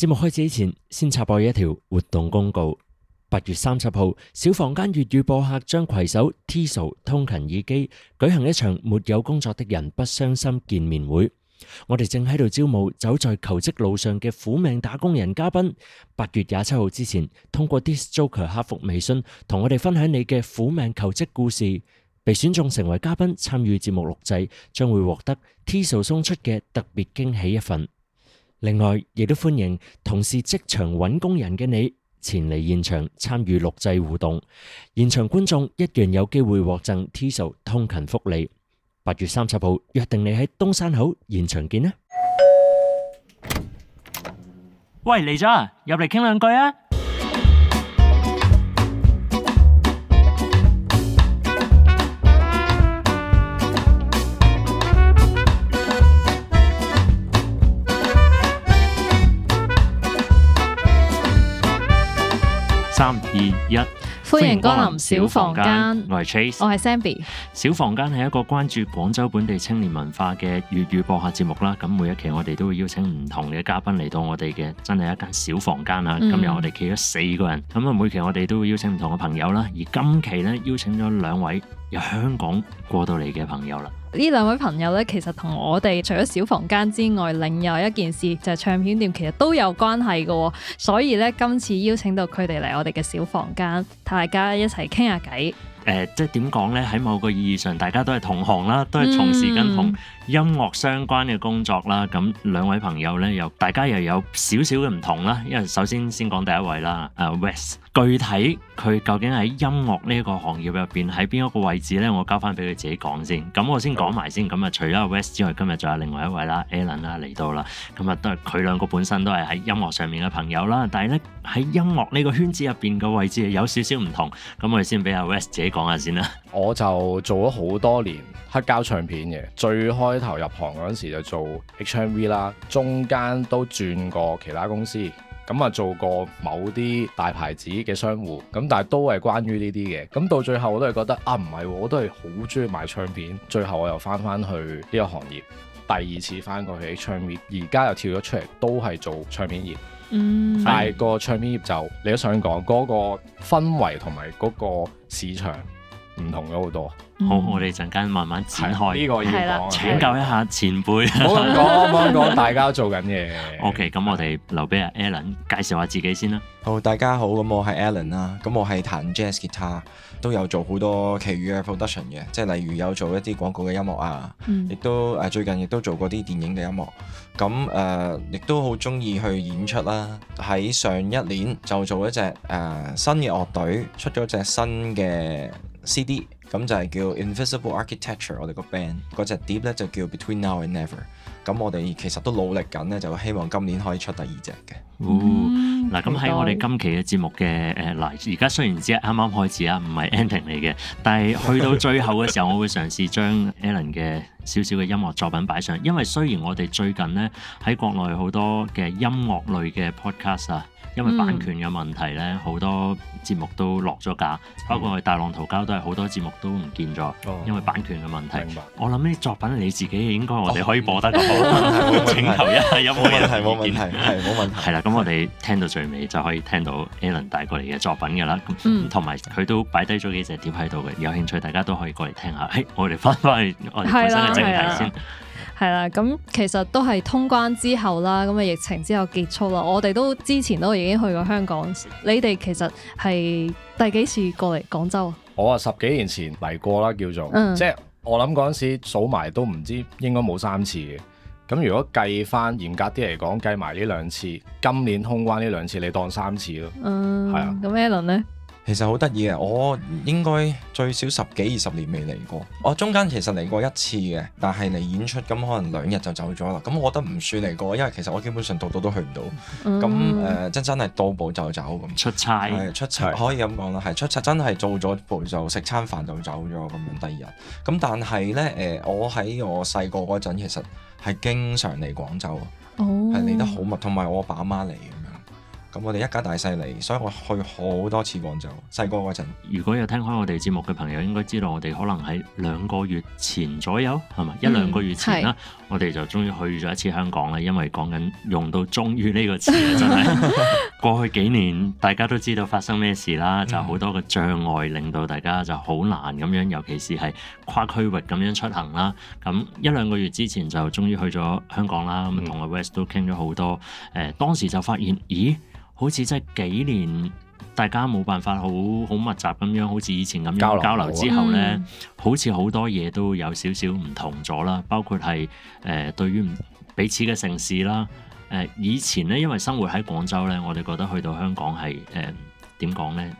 節目開始之前，先插播一條活動公告。八月三十號，小房間粵語播客將携手 Tezo 通勤耳機，舉行一場沒有工作的人不傷心見面會。我哋正喺度招募走在求職路上嘅苦命打工人嘉賓。八月廿七號之前，通過 DISC JOKER 客服微信同我哋分享你嘅苦命求職故事，被選中成為嘉賓參與節目錄製，將會獲得 Tezo 送出嘅特別驚喜一份。另外，亦都歡迎同是職場揾工人嘅你，前嚟現場參與錄製互動，現場觀眾一樣有機會獲贈 Tezo 通勤福利。八月三十號，約定你喺東山口現場見啦。喂，嚟咗啊，入嚟傾兩句啊！三二一，3, 2，歡迎光臨小房間。我係 Trace，我係 Zenbi。小房間係一個關注廣州本地青年文化嘅粵語播客節目啦。咁每一期我哋都會邀請唔同嘅嘉賓嚟到我哋嘅真係一間小房間啊。今日我哋企咗四個人。咁啊、嗯，每期我哋都會邀請唔同嘅朋友啦。而今期咧，邀請咗兩位。由香港過到嚟嘅朋友啦，呢兩位朋友咧，其實同我哋除咗小房間之外，另外一件事就係、是、唱片店，其實都有關係嘅、哦。所以咧，今次邀請到佢哋嚟我哋嘅小房間，大家一齊傾下偈。誒、呃，即係點講咧？喺某個意義上，大家都係同行啦，都係從事跟同音樂相關嘅工作啦。咁兩、嗯、位朋友咧，又大家又有少少嘅唔同啦。因為首先先講第一位啦，阿 Wes 具體佢究竟喺音樂呢個行業入邊喺邊一個位置呢？我交翻俾佢自己講先。咁我先講埋先。咁、嗯、啊，除咗阿 West 之外，今日仲有另外一位啦，Alan 啦嚟到啦。咁啊，都係佢兩個本身都係喺音樂上面嘅朋友啦。但係呢，喺音樂呢個圈子入邊嘅位置有少少唔同。咁、嗯、我哋先俾阿 West 自己講下先啦。我就做咗好多年黑膠唱片嘅，最開頭入行嗰時就做 HMV 啦，中間都轉過其他公司。咁啊，做過某啲大牌子嘅商戶，咁但係都係關於呢啲嘅。咁到最後我都係覺得啊，唔係，我都係好中意買唱片。最後我又翻翻去呢個行業，第二次翻過去唱片，而家又跳咗出嚟，都係做唱片業。嗯、mm，hmm。但係個唱片業就你都想講嗰、嗰個氛圍同埋嗰個市場唔同咗好多。好，我哋陣間慢慢展開，呢個、請教一下前輩。唔好講，講，大家做緊嘢。OK，咁我哋留俾阿 Alan 介紹下自己先啦。好，大家好，咁我係 Alan 啦。咁我係彈 jazz 吉他，都有做好多其餘嘅 production 嘅，即係例如有做一啲廣告嘅音樂啊，亦、嗯、都誒最近亦都做過啲電影嘅音樂。咁誒，亦、呃、都好中意去演出啦。喺上一年就做一隻誒、呃、新嘅樂隊，出咗一隻新嘅 CD。咁就係叫 Invisible Architecture，我哋個 band 嗰隻碟咧就叫 Between Now and Never。咁我哋其實都努力緊咧，就希望今年可以出第二隻嘅。嗱，咁喺我哋今期嘅節目嘅誒嚟，而、呃、家雖然只係啱啱開始啊，唔係 ending 嚟嘅，但係去到最後嘅時候， 我會嘗試將 Alan 嘅少少嘅音樂作品擺上，因為雖然我哋最近咧喺國內好多嘅音樂類嘅 podcast 啊。因為版權嘅問題咧，好多節目都落咗架，包括去大浪淘膠都係好多節目都唔見咗，因為版權嘅問題。我諗呢啲作品你自己應該我哋可以播得，好。請求一下，有冇問題？冇問題，係冇問題。係啦，咁我哋聽到最尾就可以聽到 Alan 帶過嚟嘅作品㗎啦。咁同埋佢都擺低咗幾隻碟喺度嘅，有興趣大家都可以過嚟聽下。誒，我哋翻返去我哋本身嘅正題先。係啦，咁其實都係通關之後啦，咁嘅疫情之後結束啦。我哋都之前都已經去過香港，你哋其實係第幾次過嚟廣州啊？我啊十幾年前嚟過啦，叫做，嗯、即係我諗嗰陣時數埋都唔知應該冇三次嘅。咁如果計翻嚴格啲嚟講，計埋呢兩次，今年通關呢兩次，你當三次咯。嗯，係啊的。咁 Alan 呢？其實好得意呀，我應該最少十幾二十年未嚟過。我中間其實嚟過一次嘅，但係嚟演出咁可能兩日就走咗啦。咁我覺得唔算嚟過，因為其實我基本上度度都去唔、嗯呃、到。咁誒真真係到步就走咁差，出差是出差可以咁講啦。係出差真係到咗步就食餐飯就走咗咁樣。第二日咁，但係呢。誒、呃，我喺我細個嗰陣其實係經常嚟廣州，係嚟、哦、得好密，同埋我爸媽嚟。咁我哋一家大細嚟，所以我去好多次廣州。細個嗰陣，如果有聽開我哋節目嘅朋友，應該知道我哋可能喺兩個月前左右，係咪、嗯、一兩個月前啦？是我哋就終於去咗一次香港啦，因為講緊用到終於呢個詞啊，真係 過去幾年大家都知道發生咩事啦，就好多個障礙令到大家就好難咁樣，嗯、尤其是係跨區域咁樣出行啦。咁一兩個月之前就終於去咗香港啦，咁同阿 West 都傾咗好多。誒、呃，當時就發現，咦？好似即係幾年，大家冇辦法好好密集咁樣，好似以前咁樣交流之後咧，嗯、好似好多嘢都有少少唔同咗啦。包括係誒、呃、對於彼此嘅城市啦，誒、呃、以前咧，因為生活喺廣州咧，我哋覺得去到香港係誒點講咧，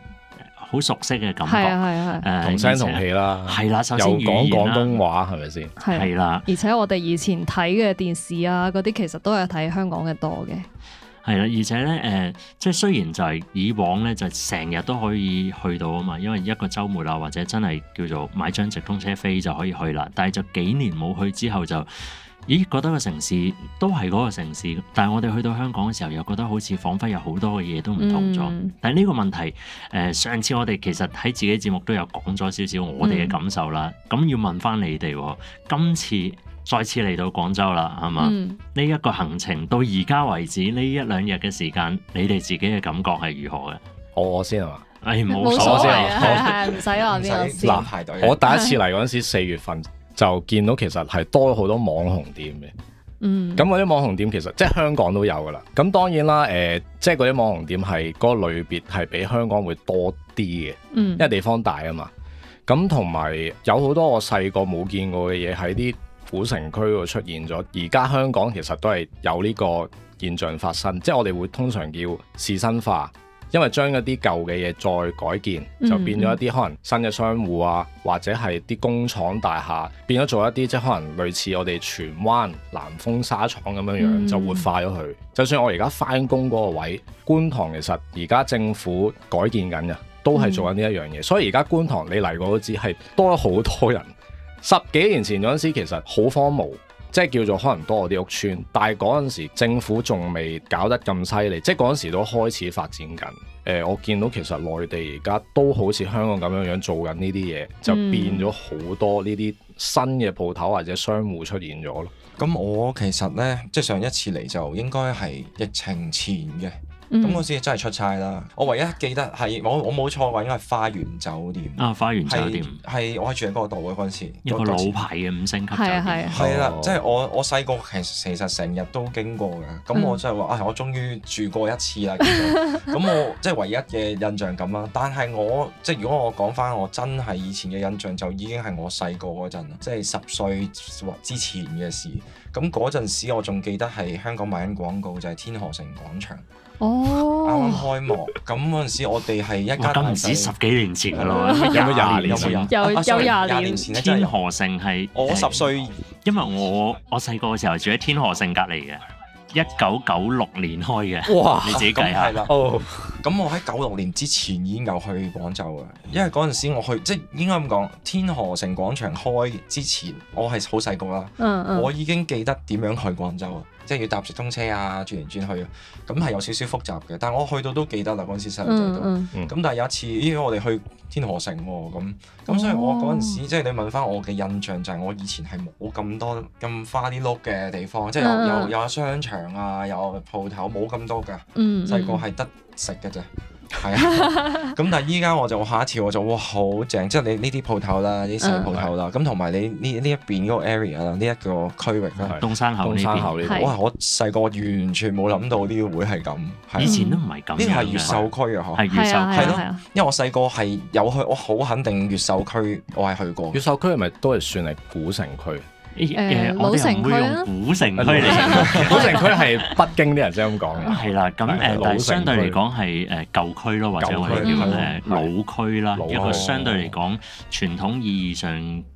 好、呃、熟悉嘅感覺係啊係啊係同聲同氣啦，係啦而且，首先講廣東話係咪先？係啦，啊啊啊、而且我哋以前睇嘅電視啊嗰啲，其實都係睇香港嘅多嘅。係啦，而且咧，誒、呃，即係雖然就係以往咧，就成日都可以去到啊嘛，因為一個週末啊，或者真係叫做買張直通車飛就可以去啦。但係就幾年冇去之後就，咦，覺得個城市都係嗰個城市，但係我哋去到香港嘅時候又覺得好似彷彿有好多嘅嘢都唔同咗。嗯、但係呢個問題，誒、呃，上次我哋其實喺自己節目都有講咗少少我哋嘅感受啦。咁、嗯、要問翻你哋喎、哦，今次。再次嚟到廣州啦，係嘛？呢一個行程到而家為止，呢一兩日嘅時間，你哋自己嘅感覺係如何嘅？我先係嘛？誒，冇所謂啊，係唔使話邊個先嗱。我第一次嚟嗰陣時，四月份就見到其實係多咗好多網紅店嘅，嗯。咁嗰啲網紅店其實即係香港都有㗎喇。咁當然啦，誒，即係嗰啲網紅店係個類別係比香港會多啲嘅，嗯，因為地方大啊嘛。咁同埋有好多我細個冇見過嘅嘢喺啲。古城區個出現咗，而家香港其實都係有呢個現象發生，即係我哋會通常叫士紳化，因為將一啲舊嘅嘢再改建，就變咗一啲可能新嘅商戶啊，或者係啲工廠大廈變咗做一啲即係可能類似我哋荃灣南豐紗廠咁樣樣，就活化咗佢。 就算我而家翻工嗰個位觀塘，其實而家政府改建緊嘅，都係做緊呢一樣嘢， 所以而家觀塘你嚟過都知係多咗好多人。十幾年前嗰陣時，其實好荒蕪，即係叫做可能多我啲屋村，但係嗰陣時政府仲未搞得咁犀利，即係嗰陣時都開始發展緊。誒、呃，我見到其實內地而家都好似香港咁樣樣做緊呢啲嘢，就變咗好多呢啲新嘅鋪頭或者商戶出現咗咯。咁、嗯、我其實呢，即係上一次嚟就應該係疫情前嘅。咁嗰、嗯、時真係出差啦。我唯一記得係我我冇錯嘅話，應該係花園酒店啊。花園酒店係我係住喺嗰度嘅嗰陣時，一個老牌嘅五星級酒店係啦。即係我我細個其其實成日都經過嘅。咁我真係話啊，我終於住過一次啦。咁我即係、就是、唯一嘅印象咁啦。 但係我即係、就是、如果我講翻我真係以前嘅印象，就已經係我細個嗰陣，即係十歲或之前嘅事。咁嗰陣時我仲記得係香港賣緊廣告，就係、是、天河城廣場。哦，oh，開幕咁嗰陣時，我哋係一家。咁 十幾年前咯，有廿 年前？ 年前有廿年。啊，sorry，廿年前天河城係我十歲，因為我我細個嘅時候住喺天河城隔離嘅，一九九六年開嘅。哇，你自己計下，咁我喺九六年之前已經有去廣州啦，因為嗰陣時我去，即係應該咁講，天河城廣場開之前，我係好細個啦，嗯嗯我已經記得點樣去廣州即係要搭直通車啊，轉嚟轉去，咁係有少少複雜嘅。但係我去到都記得啦，嗰陣時細細度。咁、嗯嗯、但係有一次，咦我哋去天河城喎、啊，咁咁所以我嗰陣時、哦、即係你問翻我嘅印象就係我以前係冇咁多咁花啲碌嘅地方，即係有、嗯、有有商場啊，有鋪頭冇咁多㗎。細個係得食㗎啫。係啊，咁但係依家我就下一次我就哇好正，即係你呢啲鋪頭啦，呢啲細鋪頭啦，咁同埋你呢呢一邊嗰個 area 啦，呢一個區域啦，東山口東山口呢邊，我細個完全冇諗到呢個會係咁，以前都唔係咁。呢個係越秀區啊嗬？係越秀，係咯。因為我細個係有去，我好肯定越秀區我係去過。越秀區係咪都係算係古城區？誒，我哋唔會用古城區嚟講，古城區係北京啲人先咁講嘅。係啦，咁誒，但係相對嚟講係誒舊區咯，或者我哋叫誒老區啦，一個相對嚟講傳統意義上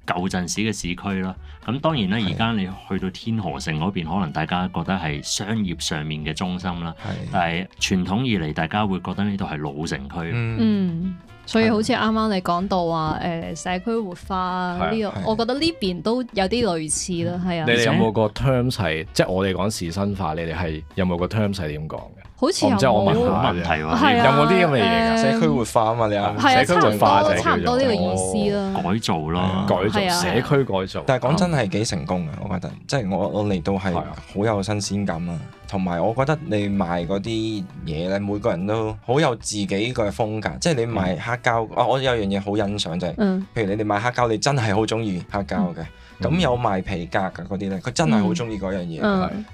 舊陣時嘅市區啦。咁當然啦，而家你去到天河城嗰邊，可能大家覺得係商業上面嘅中心啦，但係傳統以嚟，大家會覺得呢度係老城區。嗯。所以好似啱啱你講到話誒、呃、社區活化呢、啊啊這個，啊、我覺得呢邊都有啲類似咯，係啊。啊你哋有冇個 terms 係，即係、啊、我哋講時新化，你哋係有冇個 terms 係點講嘅？好似有冇啲問題喎？有冇啲咁嘅嘢？社區活化啊嘛，你啊，社區活化，就差唔多呢個意思啦，改造啦，改造社區改造。但係講真係幾成功嘅，我覺得，即係我我嚟到係好有新鮮感啦。同埋我覺得你賣嗰啲嘢咧，每個人都好有自己嘅風格。即係你賣黑膠，啊，我有樣嘢好欣賞就係，譬如你哋賣黑膠，你真係好中意黑膠嘅。咁有賣皮革嘅嗰啲咧，佢真係好中意嗰樣嘢。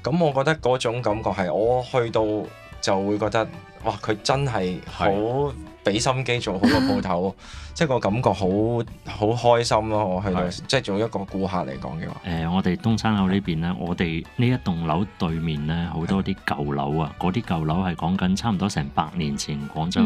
咁我覺得嗰種感覺係我去到。就會覺得，哇！佢真係好，俾心機做好個鋪頭， 即係個感覺好好開心咯！我喺的即係做一個顧客嚟講嘅話。誒、呃，我哋東山口呢邊咧，的我哋呢一棟樓對面咧，好多啲舊樓啊！嗰啲舊樓係講緊差唔多成百年前廣州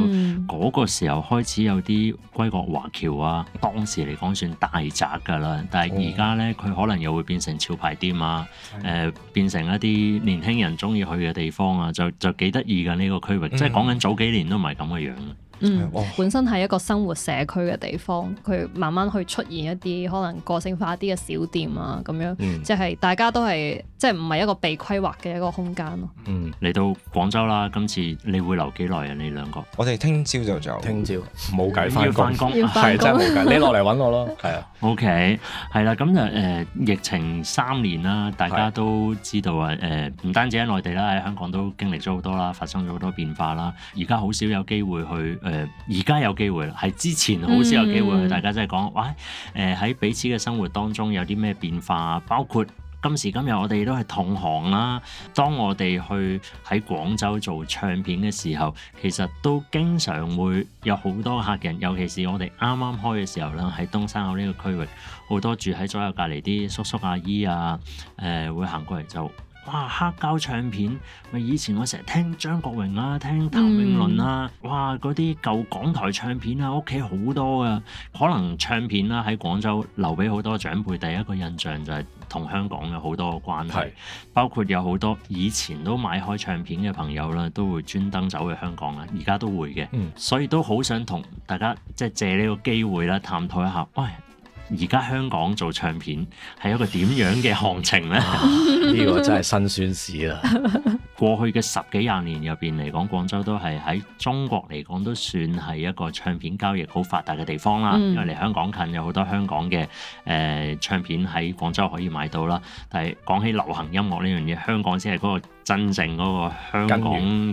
嗰的個時候開始有啲歸國華僑啊，當時嚟講算大宅㗎啦。但係而家咧，佢可能又會變成潮牌店啊，誒的、呃，變成一啲年輕人中意去嘅地方啊，就就幾得意㗎呢個區域。即係講緊早幾年都唔係咁嘅樣。嗯。嗯，哦、本身係一個生活社區嘅地方，佢慢慢去出現一啲可能個性化啲嘅小店啊，咁樣，即係、嗯、大家都係即係唔係一個被規劃嘅一個空間咯。嗯，嚟到廣州啦，今次你會留幾耐啊？你兩個，我哋聽朝就走，聽朝冇計翻工，要返工、啊，係，真係冇計。 你落嚟揾我咯，係啊，OK，係啦、啊，咁就誒、呃、疫情三年啦，大家都知道啊，誒唔、呃、單止喺內地啦，喺香港都經歷咗好多啦，發生咗好多變化啦，而家好少有機會去。誒而家有機會啦，係之前好少有機會。嗯、大家真係講，哇！誒、呃、喺彼此嘅生活當中有啲咩變化，包括今時今日我哋都係同行啦、啊。當我哋去喺廣州做唱片嘅時候，其實都經常會有好多客人，尤其是我哋啱啱開嘅時候啦，喺東山口呢個區域，好多住喺左右隔離啲叔叔阿姨啊，誒、呃、會行過嚟就。哇！黑膠唱片咪以前我成日聽張國榮啦、啊，聽譚詠麟啦，啊嗯、哇！嗰啲舊港台唱片啊，屋企好多嘅、啊。可能唱片啦、啊、喺廣州留俾好多長輩，第一個印象就係同香港有好多嘅關係，是包括有好多以前都買開唱片嘅朋友咧、啊，都會專登走去香港啦。而家都會嘅，嗯、所以都好想同大家即係借呢個機會啦、啊，探討一下。而家香港做唱片係一個點樣嘅行情呢？呢個真係辛酸史啊！過去嘅十幾廿年入邊嚟講，廣州都係喺中國嚟講都算係一個唱片交易好發達嘅地方啦。嗯、因為離香港近，有好多香港嘅誒、呃、唱片喺廣州可以買到啦。但係講起流行音樂呢樣嘢，香港先係嗰個真正嗰個香港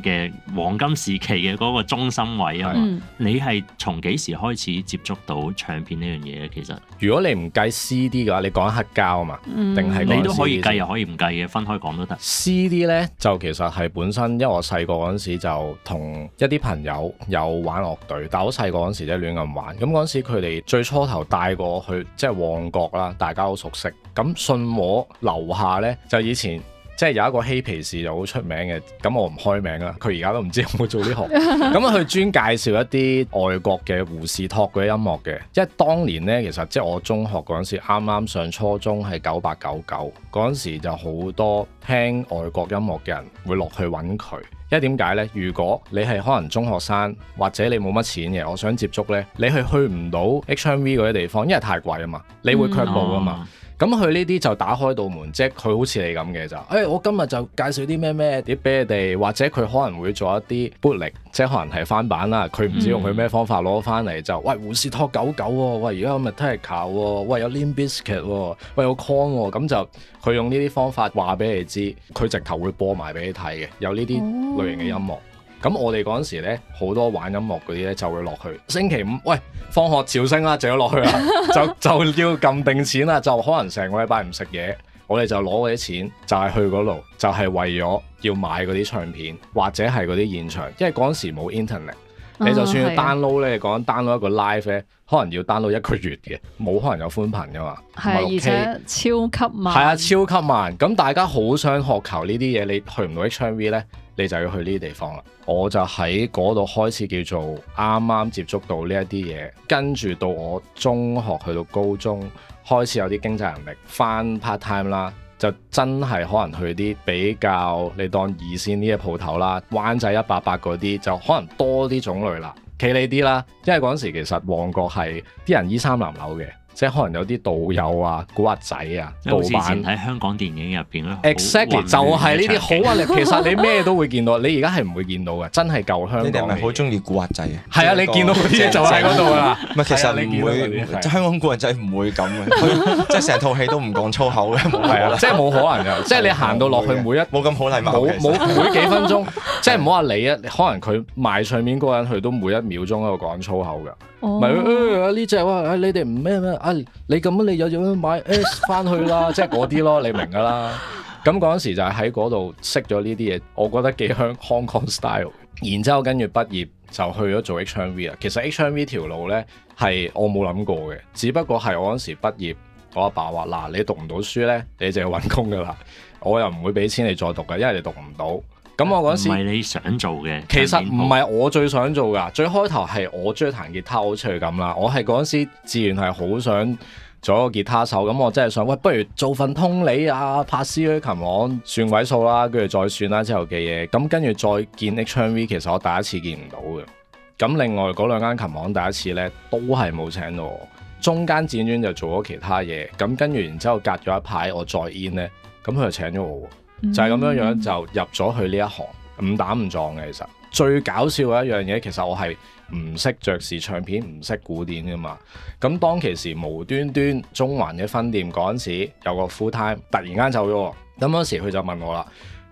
嘅黃金時期嘅嗰個中心位啊。你係從幾時開始接觸到唱片呢樣嘢咧？其實如果你唔計 CD 嘅話，你講黑膠啊嘛，定係、嗯、你都可以計又可以唔計嘅，分開講都得。CD 咧就其實。其實係本身，因為我細個嗰陣時就同一啲朋友有玩樂隊，但係我細個嗰陣時即係亂咁玩。咁嗰陣時佢哋最初頭帶過我去即係旺角啦，大家都熟悉。咁信和樓下呢，就以前，即係有一個嬉皮士就好出名嘅，咁我唔開名啦。佢而家都唔知有冇做呢行。咁佢 專介紹一啲外國嘅胡士托嗰啲音樂嘅。因為當年呢，其實即係我中學嗰陣時，啱啱上初中係九八九九嗰陣時，就好多聽外國音樂嘅人會落去揾佢。因為點解呢？如果你係可能中學生，或者你冇乜錢嘅，我想接觸呢，你係去唔到 HMV 嗰啲地方，因為太貴啊嘛，你會卻步啊嘛。嗯哦咁佢呢啲就打開道門，即係佢好似你咁嘅就，誒我今日就介紹啲咩咩，碟俾你哋，或者佢可能會做一啲 bootleg，即係可能係翻版啦，佢唔知用佢咩方法攞翻嚟就，喂胡士托狗狗，喂而家有 Metallica 喂有 Limp Bizkit，喂有 Korn，咁就佢用呢啲方法話俾你知，佢直頭會播埋俾你睇嘅，有呢啲類型嘅音樂。咁我哋嗰陣時咧，好多玩音樂嗰啲咧就會落去，星期五，喂，放學朝聖啦，就要落去啦， 就就要撳定錢啦，就可能成個禮拜唔食嘢。我哋就攞嗰啲錢，就係、是、去嗰度，就係、是、為咗要買嗰啲唱片或者係嗰啲現場，因為嗰陣時冇 internet，你就算要 download 咧、嗯，講 download 一個 live 咧，可能要 download 一個月嘅，冇可能有寬頻㗎嘛。係，而且超級慢。係啊，超級慢。咁大家好想渴求呢啲嘢，你去唔去 HMV 咧？你就要去呢啲地方啦，我就喺嗰度開始叫做啱啱接觸到呢一啲嘢，跟住到我中學去到高中開始有啲經濟能力，翻 part time 啦，就真係可能去啲比較你當二線呢啲鋪頭啦，灣仔一八八嗰啲就可能多啲種類啦，企理啲啦，因為嗰陣時其實旺角係啲人衣衫襤褸嘅。即係可能有啲導遊啊、古惑仔啊，之前喺香港電影入邊啦，exactly 就係呢啲好啊！力。其實你咩都會見到，你而家係唔會見到嘅，真係舊香港。你哋係咪好鍾意古惑仔啊？係啊，你見到嗰啲就喺嗰度啦。唔係，其實唔會，香港古惑仔唔會咁嘅，即係成套戲都唔講粗口嘅，冇可能，即係冇可能嘅。即係你行到落去每一，冇咁好禮貌，冇每幾分鐘，即係唔好話你啊，可能佢賣菜面嗰個人，佢都每一秒鐘喺度講粗口㗎。咪誒呢只話！你哋唔咩咩啊！你咁、啊、樣你又點樣買 S 翻去啦？ 即係嗰啲咯，你明噶啦。咁嗰陣時就喺嗰度識咗呢啲嘢，我覺得幾香 Hong Kong style。然之後跟住畢業就去咗做 HMV 啦。其實 HMV 條路呢，係我冇諗過嘅，只不過係我嗰時畢業，我阿爸話：嗱、啊，你讀唔到書呢，你就要揾工噶啦。我又唔會俾錢你再讀嘅，因為你讀唔到。咁我嗰時唔係你想做嘅，其實唔係我最想做噶。最開頭係我中意彈吉他，我出去咁啦。我係嗰陣時自然係好想做一個吉他手。咁我真係想，喂，不如做份通理啊，拍私家琴行算位數啦，跟住再算啦之後嘅嘢。咁跟住再見 HMV，其實我第一次見唔到嘅。咁另外嗰兩間琴行第一次呢，都係冇請到我。中間剪轉就做咗其他嘢。咁跟住然之後隔咗一排我再 in 呢。咁佢就請咗我。就係咁樣樣，就入咗去呢一行，誤打誤撞嘅。其實不不最搞笑嘅一樣嘢，其實我係唔識爵士唱片，唔識古典㗎嘛。咁當其時無端端中環嘅分店嗰陣時，有個 full time 突然間走咗。咁嗰時佢就問我啦，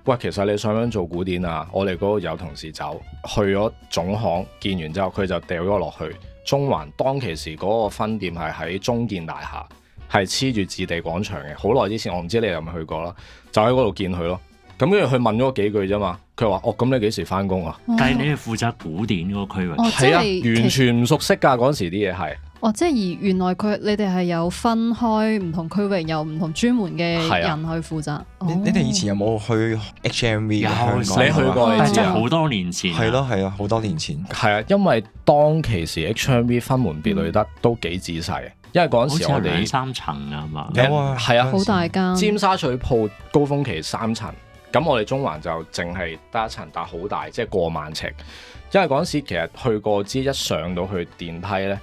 喂，其實你想唔想做古典啊？我哋嗰個有同事走，去咗總行，見完之後佢就掉咗落去中環。當其時嗰個分店係喺中建大廈。係黐住置地廣場嘅，好耐之前我唔知你有冇去過啦，就喺嗰度見佢咯。咁跟住佢問咗我幾句啫嘛。佢話：哦，咁你幾時翻工啊？但係你係負責古典嗰個區域，係、哦、啊，完全唔熟悉㗎嗰陣時啲嘢係。哦，即係而原來佢你哋係有分開唔同區域，有唔同專門嘅人去負責。啊、你哋以前有冇去 H M V 香港，哦？你去過你？但係真係好多、啊嗯啊啊、多年前。係咯係咯，好多年前。係啊，因為當其時 H M V 分門別類得都幾仔細。因為嗰陣時我哋三層啊嘛，有啊，And，嗯，係啊，好大間。尖沙咀鋪高峰期三層，咁我哋中環就淨係得一層，但好大，即係過萬尺。因為嗰陣時其實去過之，一上到去電梯咧，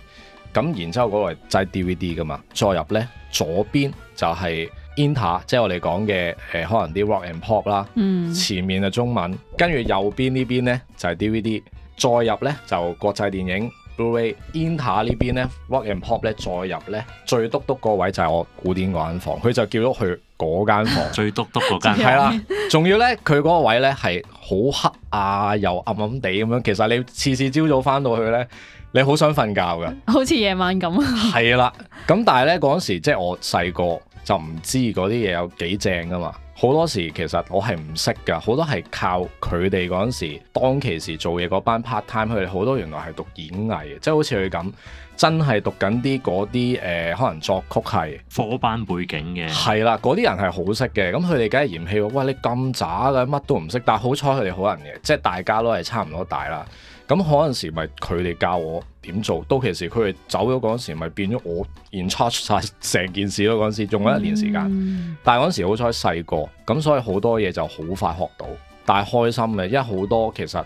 咁然之後嗰個齋 DVD 噶嘛，再入咧，左邊就係 Inter，即係我哋講嘅誒，可能啲 rock and pop 啦，嗯，前面係中文，跟住右邊呢邊咧就係 DVD，再入咧就國際電影。入下呢邊呢 rock and pop 咧，再入呢，最督篤個位就係我古典嗰間房，佢就叫咗去嗰間房。最督篤嗰間。係啦， 仲 要呢，佢嗰個位呢係好黑啊，又暗暗地咁樣。其實你次次朝早翻到去呢，你想好想瞓覺㗎，好似夜晚咁。係啦，咁但係呢，嗰陣時即係我細個就唔知嗰啲嘢有幾正㗎嘛。好多時其實我係唔識㗎，好多係靠佢哋嗰陣時當其時做嘢嗰班 part time，佢哋好多原來係讀演藝嘅，即係好似佢噉。真係讀緊啲嗰啲誒，可能作曲係科班背景嘅，係啦，嗰啲人係好識嘅，咁佢哋梗係嫌棄喎。喂！你咁渣嘅，乜都唔識。但係好彩佢哋好人嘅，即係大家都係差唔多大啦。咁嗰陣時咪佢哋教我點做，到其時佢哋走咗嗰陣時咪變咗我 in charge 晒成件事咯。嗰陣時用咗一年時間，嗯、但係嗰陣時好彩細個，咁所以好多嘢就好快學到，但係開心嘅，因為好多其實。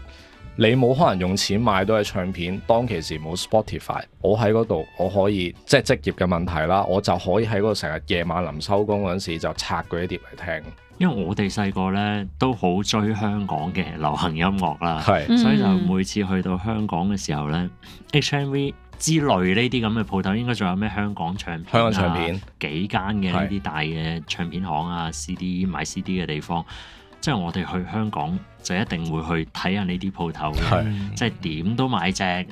你冇可能用錢買到嘅唱片，當其時冇 Spotify，我喺嗰度我可以即係職業嘅問題啦，我就可以喺嗰度成日夜晚臨收工嗰陣時就拆佢一碟嚟聽。因為我哋細個呢都好追香港嘅流行音樂啦，是所以就每次去到香港嘅時候呢、嗯、HMV 之類呢啲咁嘅鋪頭應該仲有咩香、啊、香港唱片？香港唱片幾間嘅呢啲大嘅唱片行啊是，CD 買 CD 嘅地方，即、就、係、是、我哋去香港。就一定會去睇下呢啲鋪頭嘅，即係點都買隻誒，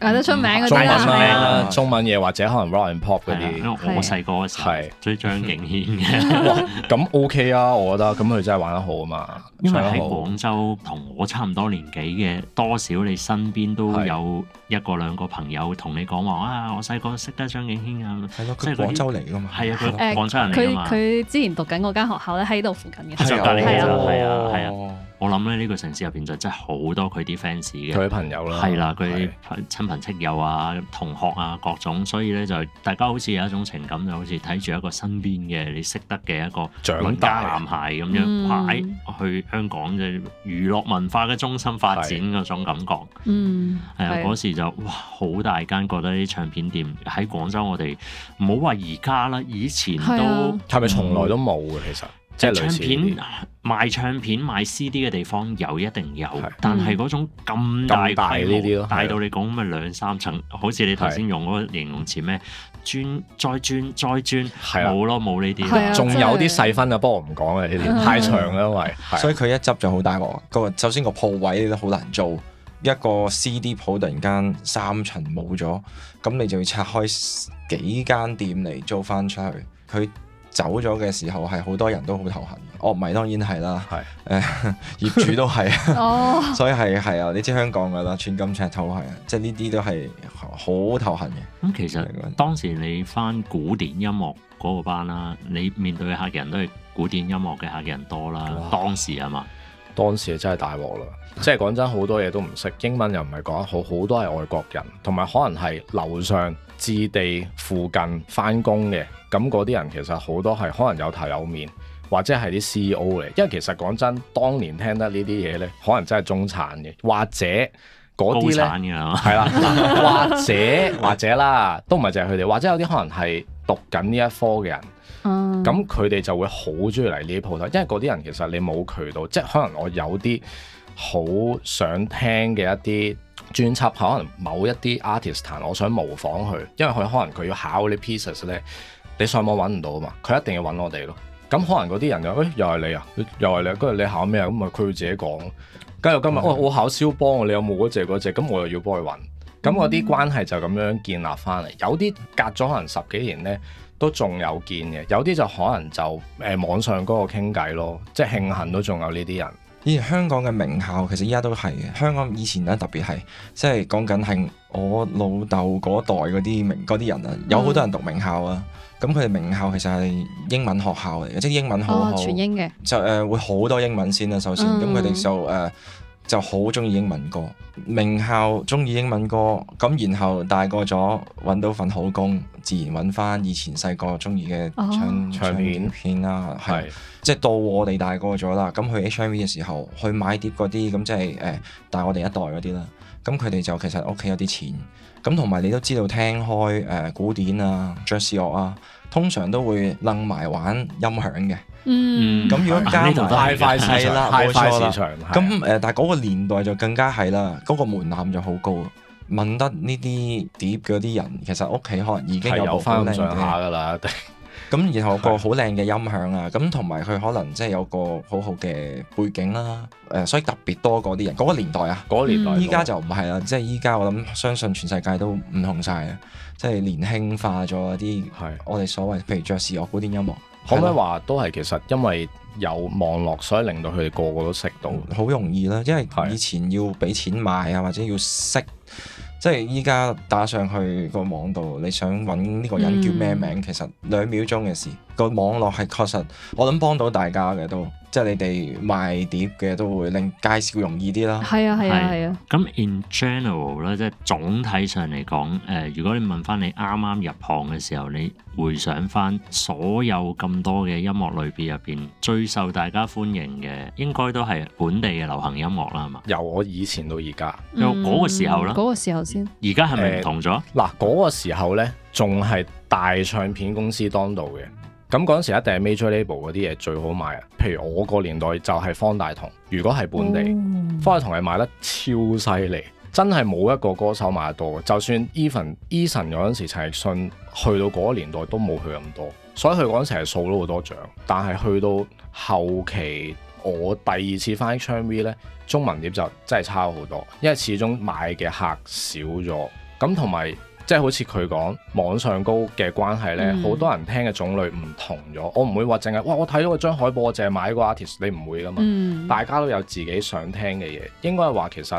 買得出名嘅中文名啦，中文嘢或者可能 rock and pop 嗰啲。我細個係追張敬軒嘅，咁 OK 啊，我覺得，咁佢真係玩得好啊嘛。因為喺廣州同我差唔多年紀嘅，多少你身邊都有一個兩個朋友同你講話啊，我細個識得張敬軒啊，即係廣州嚟㗎嘛，係啊，廣州人嚟㗎嘛。佢佢之前讀緊嗰間學校咧喺度附近嘅，就隔離㗎啦，係啊，係啊。我諗咧，呢、呢個城市入邊就真係好多佢啲 fans 嘅，佢啲朋友啦，係啦，佢啲親朋戚友啊、同學啊各種，所以咧就大家好似有一種情感，就好似睇住一個身邊嘅你識得嘅一個長大男孩咁樣，哇大！嗯、排去香港嘅娛樂文化嘅中心發展嗰種感覺，嗯，係啊，嗰時就哇好大間，覺得啲唱片店喺廣州我哋唔好話而家啦，以前都係咪從來都冇嘅其實？即係唱片賣唱片賣 CD 嘅地方有，一定有，但係嗰種咁大呢啲模大到你講咁咪兩三層，好似你頭先用嗰個形容詞咩，磚再磚再磚，冇咯，冇呢啲，仲有啲細分啊，不過我唔講啦呢啲，太長啦，因為所以佢一執就好大鑊。個首先個鋪位都好難租，一個 CD 鋪突然間三層冇咗，咁你就要拆開幾間店嚟租翻出去。佢走咗嘅時候係好多人都好頭痕，哦，唔係，當然係啦，誒是 業主都係， 所以係係啊，你知香港噶啦，寸金尺土係啊，即係呢啲都係好頭痕嘅。咁其實當時你翻古典音樂嗰個班啦，你面對嘅客人都係古典音樂嘅客人多啦。哇當時係嘛？當時真係大禍啦！大鑊即係講真，好多嘢都唔識，英文又唔係講得好好，多係外國人，同埋可能係樓上置地附近翻工嘅。咁嗰啲人其實好多係可能有頭有面，或者係啲 CEO 嚟。因為其實講真，當年聽得呢啲嘢呢，可能真係中產嘅，或者嗰啲咧，係啦產， 或者或者啦，都唔係淨係佢哋，或者有啲可能係讀緊呢一科嘅人。咁佢哋就會好中意嚟呢啲鋪頭，因為嗰啲人其實你冇渠道，即係可能我有啲好想聽嘅一啲專輯，可能某一啲 artist 彈，我想模仿佢，因為佢可能佢要考啲 pieces 呢。你上網揾唔到啊嘛，佢一定要揾我哋咯。咁可能嗰啲人就誒、欸，又係你啊，又係你、啊，跟住你考咩啊？咁咪佢要自己講。加上今日我的、欸、我考肖邦、啊，你有冇嗰隻嗰隻？咁我又要幫佢揾。咁我啲關係就咁樣建立翻嚟。嗯、有啲隔咗可能十幾年呢，都仲有見嘅。有啲就可能就誒、欸、網上嗰個傾偈咯，即係慶幸都仲有呢啲人。以前、欸、香港嘅名校其實依家都係嘅。香港以前咧特別係即係講緊係我老豆嗰代嗰啲名嗰啲人啊，有好多人讀名校啊。嗯咁佢哋名校其實係英文學校嚟嘅，即、就、係、是、英文好好，哦、全英就誒、呃、會好多英文先啦。首先，咁佢哋就誒、呃、就好中意英文歌，名校中意英文歌。咁然後大個咗揾到份好工，自然揾翻以前細個中意嘅唱、哦、唱片唱片啦、啊。係，即係是到我哋大個咗啦，咁去 HMV 嘅時候去買碟嗰啲，咁即係誒大我哋一代嗰啲啦。咁佢哋就其實屋企有啲錢。咁同埋你都知道聽開誒古典啊、爵士樂啊，通常都會掕埋玩音響嘅。嗯。咁如果加埋 Hi-Fi 市場，Hi-Fi 市場。咁誒，但係嗰個年代就更加係啦，嗰個門檻就好高。揾得呢啲碟嗰啲人，其實屋企可能已經有翻咁上下㗎啦。咁然後個好靚嘅音響啊，咁同埋佢可能即係有個好好嘅背景啦，誒、呃，所以特別多嗰啲人嗰、嗰個年代啊，嗰個年代，依家就唔係啦，即係依家我諗相信全世界都唔同晒，啦、就是，即係年輕化咗一啲，我哋所謂譬如爵士樂、古典音樂，可唔可以話都係其實因為有網絡，所以令到佢哋個個都識到，好容易啦，因為以前要俾錢買啊，或者要識。即係而家打上去個網度，你想揾呢個人叫咩名，嗯、其實兩秒鐘嘅事，個網絡係確實我諗幫到大家嘅都。即係你哋賣碟嘅都會令介紹容易啲啦。係啊，係啊，係啊。咁、啊啊、in general 咧，即係總體上嚟講，誒、呃，如果你問翻你啱啱入行嘅時候，你回想翻所有咁多嘅音樂類別入邊最受大家歡迎嘅，應該都係本地嘅流行音樂啦，係嘛？由我以前到而家，由嗰、嗯、個時候咧，嗰、嗯嗰個時候先。而家係咪唔同咗？嗱、呃，嗰、嗰個時候咧仲係大唱片公司當道嘅。咁嗰陣時一定係 major label 嗰啲嘢最好賣，譬如我個年代就係方大同。如果係本地，mm. 方大同係賣得超犀利，真係冇一個歌手賣得多嘅。就算 Even Eason 嗰陣時陳奕迅去到嗰個年代都冇佢咁多，所以佢嗰陣時係掃咗好多獎。但係去到後期，我第二次翻 H M V 呢，中文碟就真係差好多，因為始終買嘅客少咗，咁同埋。即係好似佢講網上高嘅關係呢好、mm. 多人聽嘅種類唔同咗。我唔會話淨係哇，我睇到個張海報，我淨係買一個 artist，你唔會噶嘛。Mm. 大家都有自己想聽嘅嘢，應該係話其實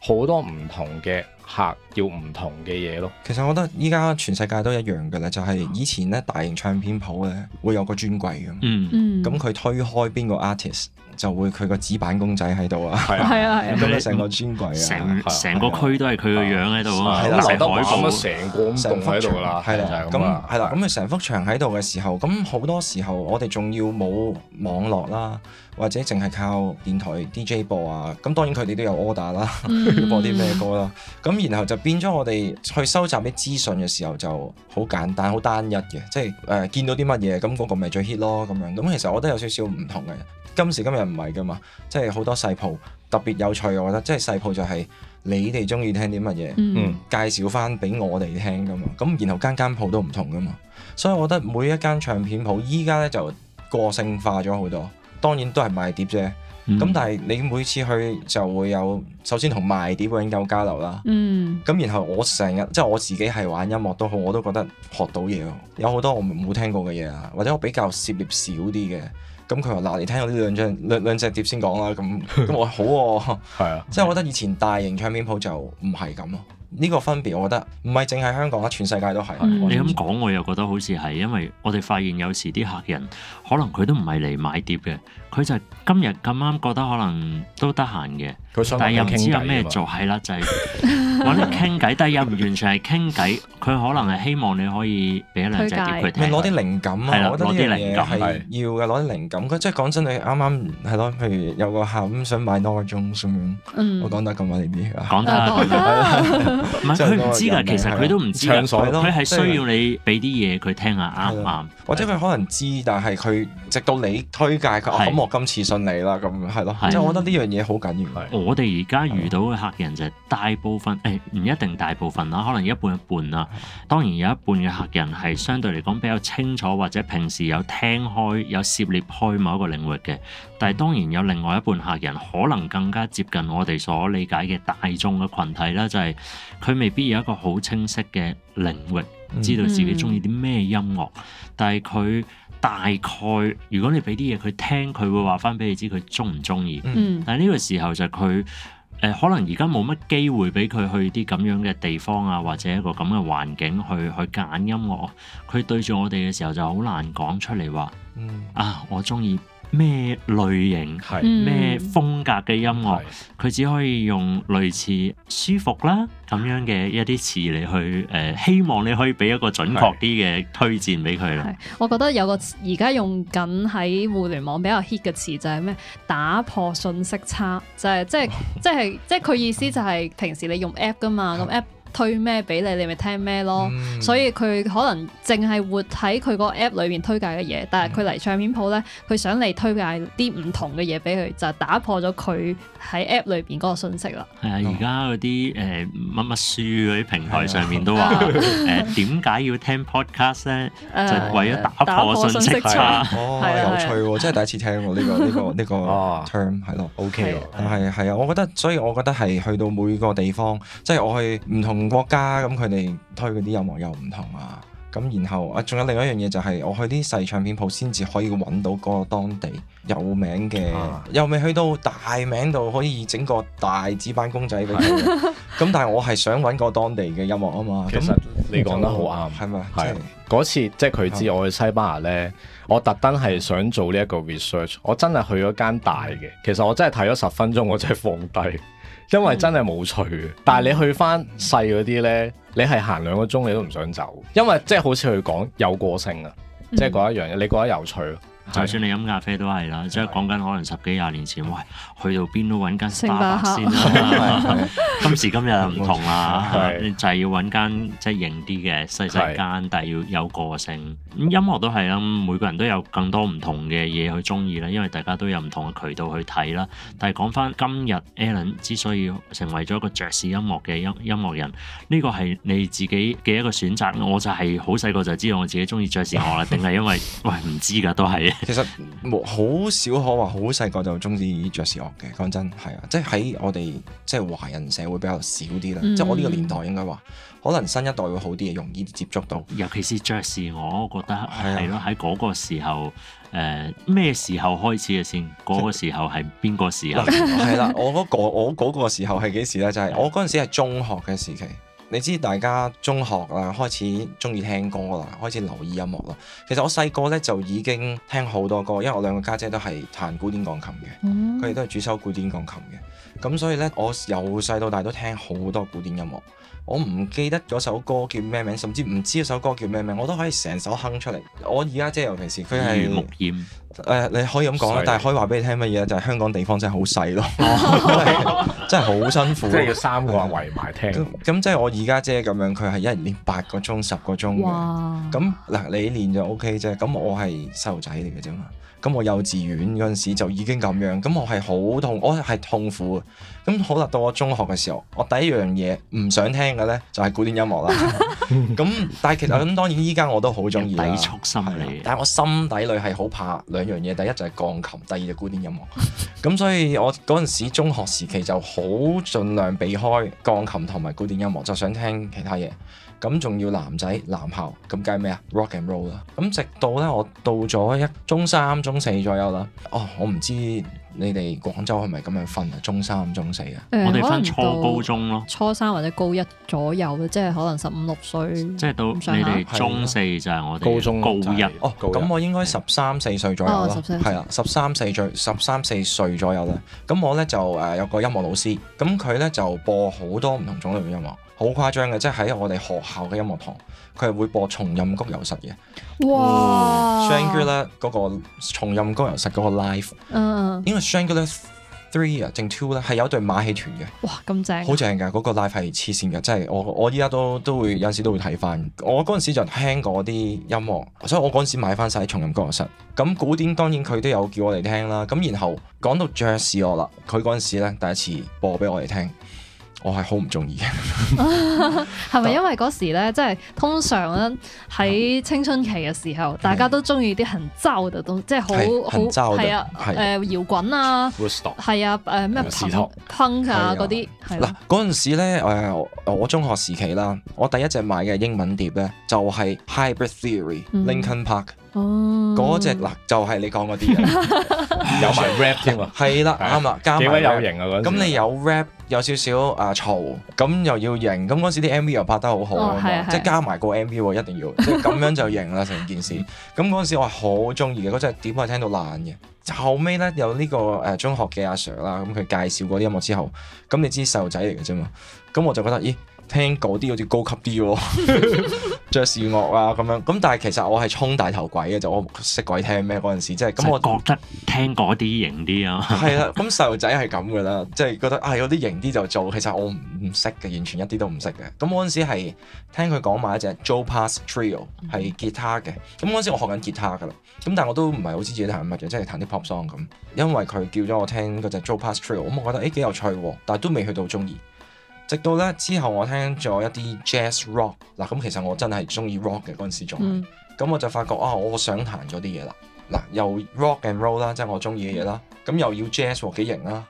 好多唔同嘅客要唔同嘅嘢咯。其實我覺得依家全世界都一樣㗎啦，就係、是、以前呢大型唱片鋪咧會有個專櫃咁，咁佢、mm. 推開邊個 artist。就會佢個紙板公仔喺度啊！係啊係啊，咁樣成個專櫃啊，成成、啊啊、個區都係佢個樣喺度啊，好萊塢咁啊，成個咁喺度噶啦，係啦，咁係啦，咁、嗯、啊成幅牆喺度嘅時候，咁好多時候我哋仲要冇網絡啦，或者淨係靠電台 DJ 播啊，咁當然佢哋都有 order 啦，要、嗯、 播啲咩歌啦，咁然後就變咗我哋去收集啲資訊嘅時候就好簡單、好單一嘅，即係誒、呃、見到啲乜嘢，咁嗰個咪最 hit 咯咁樣。咁其實我都有少少唔同嘅。今時今日唔係噶嘛，即係好多細鋪特別有趣，我覺得即係細鋪就係你哋中意聽啲乜嘢，嗯、介紹翻俾我哋聽噶嘛。咁然後間間鋪都唔同噶嘛，所以我覺得每一間唱片鋪依家咧就個性化咗好多。當然都係賣碟啫，咁、嗯、但係你每次去就會有首先同賣碟嘅人有交流啦。咁、嗯、然後我成日即係我自己係玩音樂都好，我都覺得學到嘢，有好多我冇聽過嘅嘢啊，或者我比較涉獵少啲嘅。咁佢話嗱，你聽我呢兩張兩隻碟先講啦。咁我話好喎，係啊， 即係我覺得以前大型唱片鋪就唔係咁咯。呢個分別，我覺得唔係淨係香港啊，全世界都係。你咁講，我又覺得好似係，因為我哋發現有時啲客人可能佢都唔係嚟買碟嘅，佢就今日咁啱覺得可能都得閒嘅，但係又唔知有咩做，係啦，就係，或者傾偈，但係又唔完全係傾偈，佢可能係希望你可以俾一兩隻碟佢聽，攞啲靈感啊，攞啲嘢係要嘅，攞啲靈感。佢即係講真，你啱啱係咯，譬如有個下午想買多個鐘，嗯，我講得咁話呢啲，講得。唔係佢唔知㗎，其實佢都唔知。佢係需要你俾啲嘢佢聽下啱唔啱，或者佢可能知，但係佢直到你推介佢，我我今次信你啦，咁樣係咯。即係我覺得呢樣嘢好緊要。我哋而家遇到嘅客人就係大部分，誒、唔一定大部分啦，可能一半一半啦。當然有一半嘅客人係相對嚟講比較清楚，或者平時有聽開有涉獵開某一個領域嘅。但係當然有另外一半客人，可能更加接近我哋所理解嘅大眾嘅群體啦，就係、是、佢未必有一個好清晰嘅領域，知道自己中意啲咩音樂。嗯、但係佢大概，如果你俾啲嘢佢聽，佢會話返俾你知佢中唔中意。嗯、但係呢個時候就佢誒、呃，可能而家冇乜機會俾佢去啲咁樣嘅地方啊，或者一個咁嘅環境去去揀音樂。佢對住我哋嘅時候就好難講出嚟話、嗯、啊，我中意。咩類型係咩是風格嘅音樂？佢、嗯、只可以用類似舒服啦咁樣嘅一啲詞嚟去誒、呃，希望你可以俾一個準確啲嘅推薦俾佢啦。我覺得有個詞，而家用緊喺互聯網比較 hit 嘅詞就係咩？打破信息差，就係即係即係即係佢意思就係平時你用 app 噶嘛，咁 app。推咩俾你，你咪聽咩咯。所以佢可能淨係活喺佢個 app 裏面推介嘅嘢，但係佢嚟唱片鋪咧，佢想嚟推介啲唔同嘅嘢俾佢，就打破咗佢喺 app 裏邊嗰個信息啦。係啊，而家嗰啲誒乜乜書嗰啲平台上面都話誒點解要聽 podcast 咧？就為咗打破信息差。哦，有趣喎，真係第一次聽喎，呢個呢個呢個 term 係咯，OK 喎，係啊係啊，我覺得，所以我覺得係去到每個地方，即係我去唔同。國家咁佢哋推嗰啲音樂又唔同啊，咁然後啊，仲有另外一樣嘢就係、是、我去啲細唱片鋪先至可以揾到嗰個當地有名嘅，啊、又未去到大名度可以整個大紙板公仔俾佢。咁但係我係想揾個當地嘅音樂啊嘛。其實那你講得好啱，係咪？係嗰的、就是、次即係佢知我去西班牙呢，我特登係想做呢一個 research，我真係去咗間大嘅，其實我真係睇咗十分鐘，我真係放低。 因為真係冇趣、嗯、但係你去翻細嗰啲咧，你係行兩個鐘你都唔想走，因為即係好似佢講有個性啊，嗯、即係嗰一樣嘢你覺得有趣。就算你飲咖啡都係啦，即係講緊可能十幾廿年前，喂，去到邊都揾間星巴克先啦。今時今日又唔同啦、啊， 的就係要揾間即係型啲嘅細細間，的但係要有個性。音樂都係啦，每個人都有更多唔同嘅嘢去中意啦，因為大家都有唔同嘅渠道去睇啦。但係講翻今日 Alan 之所以成為咗一個爵士音樂嘅音音樂人，呢、這個係你自己嘅一個選擇。我就係好細個就知道我自己中意爵士樂啦，定係 因為喂唔知㗎都係。 其實冇好少可話，好細個就中意爵士樂嘅。講真係啊，即係喺我哋即係華人社會比較少啲啦。嗯、即係我呢個年代應該話，可能新一代會好啲，容易接觸到。尤其是爵士，我覺得係咯。喺嗰、啊啊、個時候，誒、呃、咩時候開始嘅先？嗰、嗰個時候係邊個時候？係啦、 啊，我嗰、嗰個我嗰個時候係幾時咧？就係、是、我嗰陣時係中學嘅時期。你知道大家中學啦，開始中意聽歌啦，開始留意音樂啦。其實我細個咧就已經聽好多歌，因為我兩個家姐都係彈古典鋼琴嘅，佢哋、嗯、都係主修古典鋼琴嘅。咁所以咧，我由細到大都聽好多古典音樂。我唔記得嗰首歌叫咩名，甚至唔知首歌叫咩名，我都可以成首哼出嚟。我而家姐尤其是佢係，誒、呃、你可以咁講啦，耶但係可以話俾你聽乜嘢就係、是、香港地方真係好細咯， 真係好辛苦，即係要三個人圍埋聽。咁即係我而家姐咁樣，佢係一人練八個鐘、十個鐘嘅。咁嗱哇，你練就 OK 啫。咁我係細路仔嚟嘅啫嘛。咁我幼稚園嗰陣時就已經咁樣，咁我係好痛，我係痛苦嘅。咁好啦，到我中學嘅時候，我第一樣嘢唔想聽嘅呢，就係古典音樂啦。咁 但係其實咁當然，依家我都好中意啦，有抵觸心理。但係我心底裏係好怕兩樣嘢，第一就係鋼琴，第二就古典音樂。咁 所以我嗰陣時中學時期就好盡量避開鋼琴同埋古典音樂，就想聽其他嘢。咁仲要男仔男校，咁梗係咩啊？Rock and roll 啦！咁直到咧，我到咗一中三、中四左右啦。哦，我唔知道。你哋廣州係咪咁樣分啊？中三、中四啊？嗯、我哋分初高中咯，初三或者高一左右，即係可能十五六歲。即係到你哋中四就係我哋高中、啊、高一哦。咁一、哦、我應該十三四歲左右啦。係啊的、哦，十三四歲，十三四歲左右咧。咁我咧就誒、呃、有個音樂老師，咁佢咧就播好多唔同種類嘅音樂，好誇張嘅，即係喺我哋學校嘅音樂堂。佢係會播松任谷由實嘅 Strangelux 嗰個松任谷由實嗰個 live 因為 Strangelux Three 啊，正 Two 咧係有一隊馬戲團嘅，哇咁正、啊，好正㗎，嗰、嗰個 live 係黐線嘅，真係我我依家都都會有陣時都會睇翻，我嗰陣時就聽過啲音樂，所以我嗰陣時買翻晒松任谷由實，咁古典當然佢都有叫我嚟聽啦，咁然後講到爵士樂啦，佢嗰陣時咧第一次播俾我嚟聽。我係好唔中意，嘅，係咪因為嗰時咧，即係通常咧喺青春期嘅時候，嗯、大家都中意啲很嘈嘅東，即係好好係啊，誒、嗯、搖滾啊，係、嗯、啊，誒咩朋 punk 啊嗰啲。嗱嗰陣時咧，誒我，我中學時期啦，我第一隻買嘅英文碟咧就係 Hybrid Theory，Linkin、嗯、Park。嗰隻嗱就係你講嗰啲，有埋 rap 添喎。係 啦，啱啦、那個，幾威又型啊！咁、就是、你，你有 rap， 有少少啊嘈，咁又要型。咁嗰陣時啲 MV 又拍得好好啊、哦、即係加埋個 MV，一定要即係咁樣就型啦成件事。咁嗰陣時我係好中意嘅，嗰陣點可以聽到爛嘅？後尾咧有呢個誒中學嘅阿 Sir 啦，咁佢介紹過啲音樂之後，咁你知細路仔嚟嘅啫嘛，咁我就覺得咦、欸，聽嗰啲好似高級啲喎。 爵士樂啊，咁樣咁，但係其實我係沖大頭鬼嘅，就我唔識鬼聽咩嗰陣時，即係咁我覺得聽嗰啲型啲啊，係、 就是、啊，咁細路仔係咁噶啦，即係覺得啊有啲型啲就做，其實我唔唔識嘅，完全一啲都唔識嘅。咁嗰陣時係聽佢講埋一隻 Joe Pass Trio 係、嗯、吉他嘅，咁嗰陣時我學緊吉他噶啦，咁但係我都唔係好知自己彈乜嘢，即係彈啲 pop song 咁。因為佢叫咗我聽嗰隻 Joe Pass Trio，咁我覺得誒幾、欸、有趣，但係都未去到中意。直到咧之後，我聽咗一啲 jazz rock，嗱、啊、咁其實我真係中意 rock 嘅嗰陣時仲係咁、嗯、我就發覺啊，我想彈咗啲嘢啦，嗱、啊、又 rock and roll 啦，即係我中意嘅嘢啦，咁、啊、又要 jazz 幾型啦，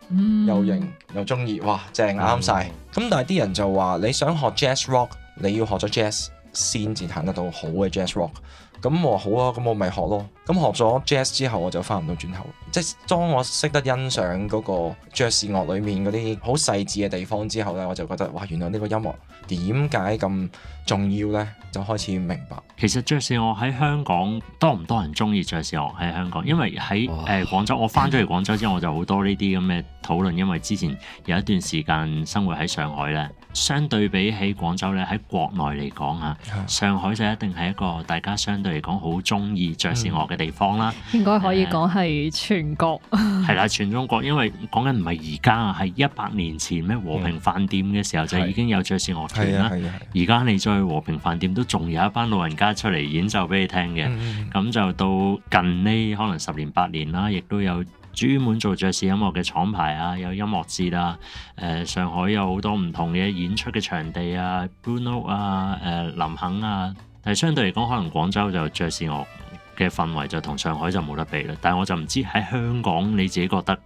又型又中意，哇，正啱晒。咁但係啲人就話你想學 jazz rock，你要學咗 jazz 先至彈得到好嘅 jazz rock。咁我好啊，咁我咪學咯。咁學咗爵士之後，我就翻唔到轉頭了。即係當我識得欣賞嗰個爵士樂裏面嗰啲好細緻嘅地方之後呢，我就覺得哇，原來呢個音樂點解咁重要呢？就開始明白。其實爵士樂喺香港，多唔多人中意爵士樂喺香港？因為喺誒、呃、廣州，我翻咗嚟廣州之後，我就好多呢啲咁嘅討論，因為之前有一段時間生活喺上海呢。相對比起廣州咧，喺國內嚟講啊，嗯、上海就一定係一個大家相對嚟講好中意爵士樂嘅地方啦。嗯、應該可以講係全國。係啦、嗯， 全中國，因為講緊唔係而家啊，係一百年前咩和平飯店嘅時候就已經有爵士樂團啦。而家、嗯、你再去和平飯店都仲有一班老人家出嚟演奏俾你聽嘅。咁、嗯嗯、就到近呢，可能十年八年啦，亦都有，專門做爵士音樂嘅廠牌啊，有音樂節啊。誒、呃、上海有好多唔同嘅演出嘅場地啊，Bruno 啊，誒、呃、林肯啊，但係相對嚟講，可能廣州就爵士樂嘅氛圍就同上海就冇得比啦。但係我就唔知喺香港你自己覺得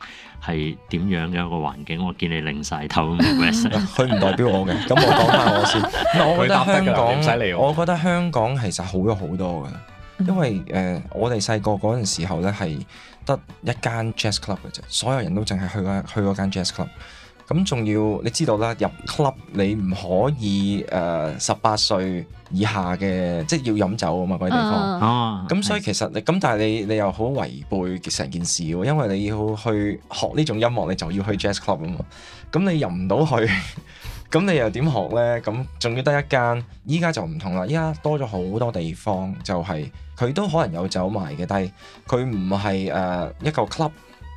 係點樣嘅一個環境？我見你擰晒頭，咁嘅佢唔代表我嘅，咁 我講翻我先。 我覺得香港， 我，我覺得香港其實好咗好多嘅。因為誒、呃，我哋細個嗰陣時候咧，係得一間 jazz club 嘅啫，所有人都淨係去嗰去嗰間 jazz club、嗯。咁仲要你知道啦，入 club 你唔可以誒十八歲以下嘅，即係要飲酒啊嘛嗰啲、那個、地方。咁所以其實的你咁，但係你你又好違背成件事喎，因為你要去學呢種音樂，你就要去 jazz club 啊、嗯、嘛。咁、嗯、你入唔到去。 咁你又點學呢？咁仲要得一間，依家就唔同啦。依家多咗好多地方，就係、是、佢都可能有走埋嘅，但係佢唔係一個 club。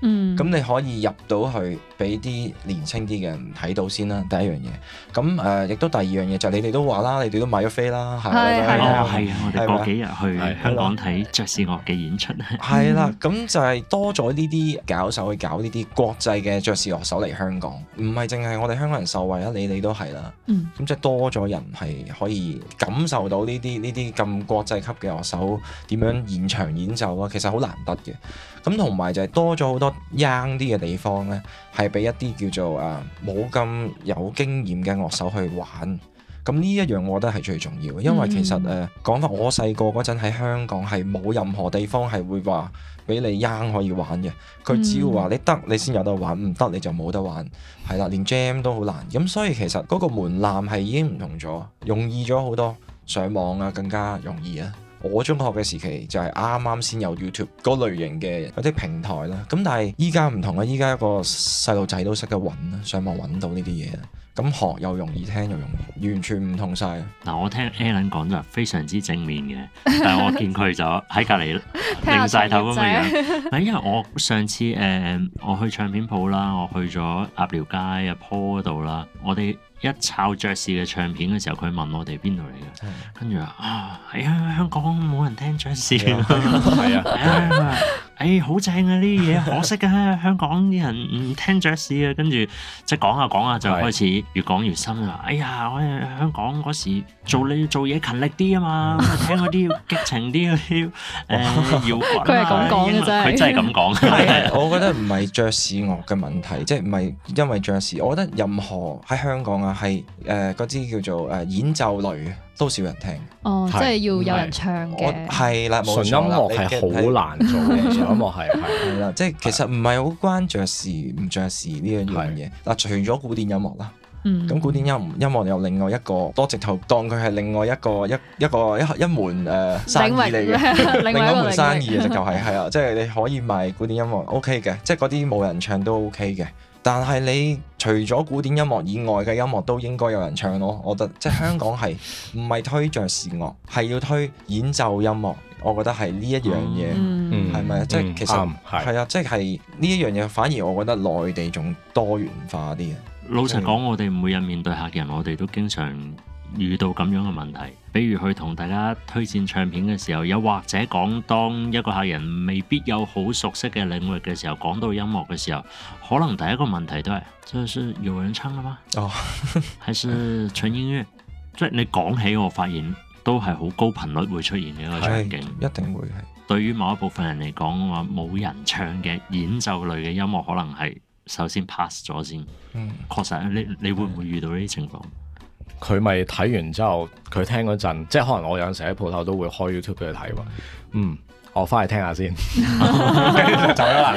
嗯，咁你可以入到去。俾啲年輕啲嘅人睇到先啦。第一樣嘢咁誒，亦都第二樣嘢就係、是、你哋都話啦，你哋都買咗飛啦，係係啊，係啊，我哋過幾日去的香港睇的爵士樂嘅演出係啦。咁、嗯、 就係多咗呢啲搞手去搞呢啲國際嘅爵士樂手嚟香港，唔係淨係我哋香港人受惠你你都啦，你哋都係啦。咁即係多咗人係可以感受到呢啲呢啲咁國際級嘅樂手點樣現場演奏啊，其實好難得嘅。咁同埋就係多咗好多 young 啲嘅地方咧。係俾一啲叫做啊冇咁有經驗嘅樂手去玩，咁呢一樣，我覺得係最重要嘅，因為其實誒、嗯啊、講翻我細個嗰陣喺香港係冇任何地方係會話俾你 jam 可以玩嘅。佢只要話你得你先有得玩，唔得你就冇得玩係啦。連 jam 都好難咁，所以其實嗰個門檻係已經唔同咗，容易咗好多，上網啊，更加容易啊。我中學嘅時期就係啱啱先有 YouTube 嗰類型嘅一啲平台啦，咁但係依家唔同啊！依家一個細路仔都識得揾啦，上網揾到呢啲嘢咁學又容易，聽又容易，完全唔同晒。嗱，我聽 Alan 講就非常之正面嘅，但係我見佢就喺隔離擰晒頭咁樣。係。 因為我上次誒、uh, 我去唱片鋪啦，我去咗鴨寮街嘅鋪嗰度啦，我哋。一抄爵士嘅唱片嘅時候，佢問我哋邊度嚟嘅？跟住話啊，喺香港冇人聽爵士，係啊，誒好正啊呢啲嘢，可惜啊香港啲人唔聽爵士啊，跟住即係講下講下就開始越講越深啊，哎呀，我喺香港嗰時做你要做嘢勤力啲啊嘛，聽嗰啲要激情啲嘅誒搖滾啊，佢係咁講嘅啫，佢真係咁講。我覺得唔係爵士樂嘅問題，即係唔係因為爵士，我覺得任何喺香港啊。係誒，嗰啲叫做誒演奏類都少人聽，哦，即係要有人唱嘅，係啦，純音樂係好難做，純音樂係係係啦，即係其實唔係好關爵士，唔爵士呢樣嘢。嗱，除咗古典音樂啦，咁古典音音樂有另外一個多直頭當佢係另外一個一一個一一門誒生意嚟嘅，另一門生意嘅直頭係係啊，即係你可以賣古典音樂 OK 嘅，即係嗰啲冇人唱都 OK 嘅，但係你。除咗古典音樂以外嘅音樂都應該有人唱咯，我覺得即係香港係唔係推爵士樂，係 要推演奏音樂，我覺得係呢一樣嘢，係咪啊？即係其實係啊，即係呢一樣嘢反而我覺得內地仲多元化啲嘅。老實講以我哋每日面對客人，我哋都經常。遇到咁樣嘅問題，比如去同大家推薦唱片嘅時候，又或者講當一個客人未必有好熟悉嘅領域嘅時候，講到音樂嘅時候，可能第一個問題都係：，即係有人唱嘅嘛？」哦，還 是純音樂？即係你講起，我發現都係好高頻率會出現嘅一個場景，一定會係。對於某一部分人嚟講嘅話，冇人唱嘅演奏類嘅音樂，可能係首先 pass 咗先。嗯，確實，你你會唔會遇到呢啲情況？佢咪睇完之後，佢聽嗰陣，即係可能我有陣時喺鋪頭都會開 YouTube 俾佢睇喎。嗯，我翻去聽下先， 走咗啦，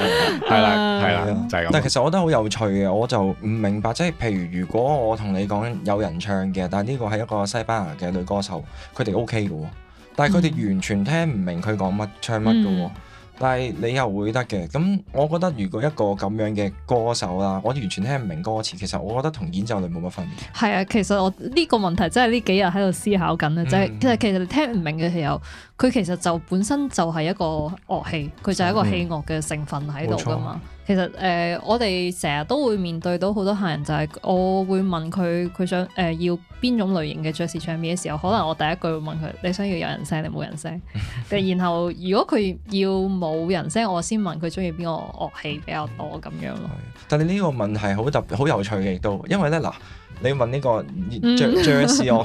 係 啦，係、uh，啦，就係、是、咁。但係其實我覺得好有趣嘅，我就唔明白，即係譬如如果我同你講有人唱嘅，但係呢個係一個西班牙嘅女歌手，佢哋 OK 嘅喎，但係佢哋完全聽唔明佢講乜，嗯、唱乜嘅喎。但係你又會得嘅，咁我覺得如果一個咁樣嘅歌手啦，我完全聽唔明歌詞，其實我覺得同演奏類冇乜分別。係啊，其實我呢個問題真係呢幾日喺度思考緊啊，嗯、就係、是、其實其實你聽唔明嘅時候，佢其實就本身就係一個樂器，佢就係一個器樂嘅成分喺度噶嘛。其實誒、呃，我哋成日都會面對到好多客人，就係、是、我會問佢佢想誒、呃、要邊種類型嘅爵士唱片嘅時候，可能我第一句會問佢你想要有人聲定冇人聲？ 然後如果佢要冇人聲，我先問佢中意邊個樂器比較多咁樣咯。但係呢個問題好特別，好有趣嘅亦都，因為咧嗱。你問呢、這個爵士樂？我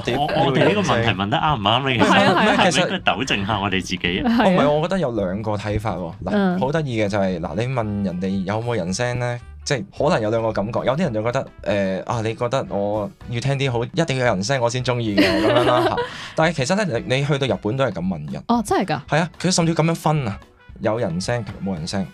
我哋呢個問題問得啱唔啱呢？係啊，其實抖正下我哋自己。唔係實、哦，我覺得有兩個睇法喎。嗱、啊，好得意嘅就係、是、嗱、啊，你問人哋有冇人聲咧，即、就、係、是、可能有兩個感覺。有啲人就覺得誒、呃、啊，你覺得我要聽啲好一定要有人聲，我先中意嘅咁樣啦。 但係其實咧，你去到日本都係咁問人。哦，真係㗎。係啊，佢甚至咁樣分啊，有人聲冇人聲。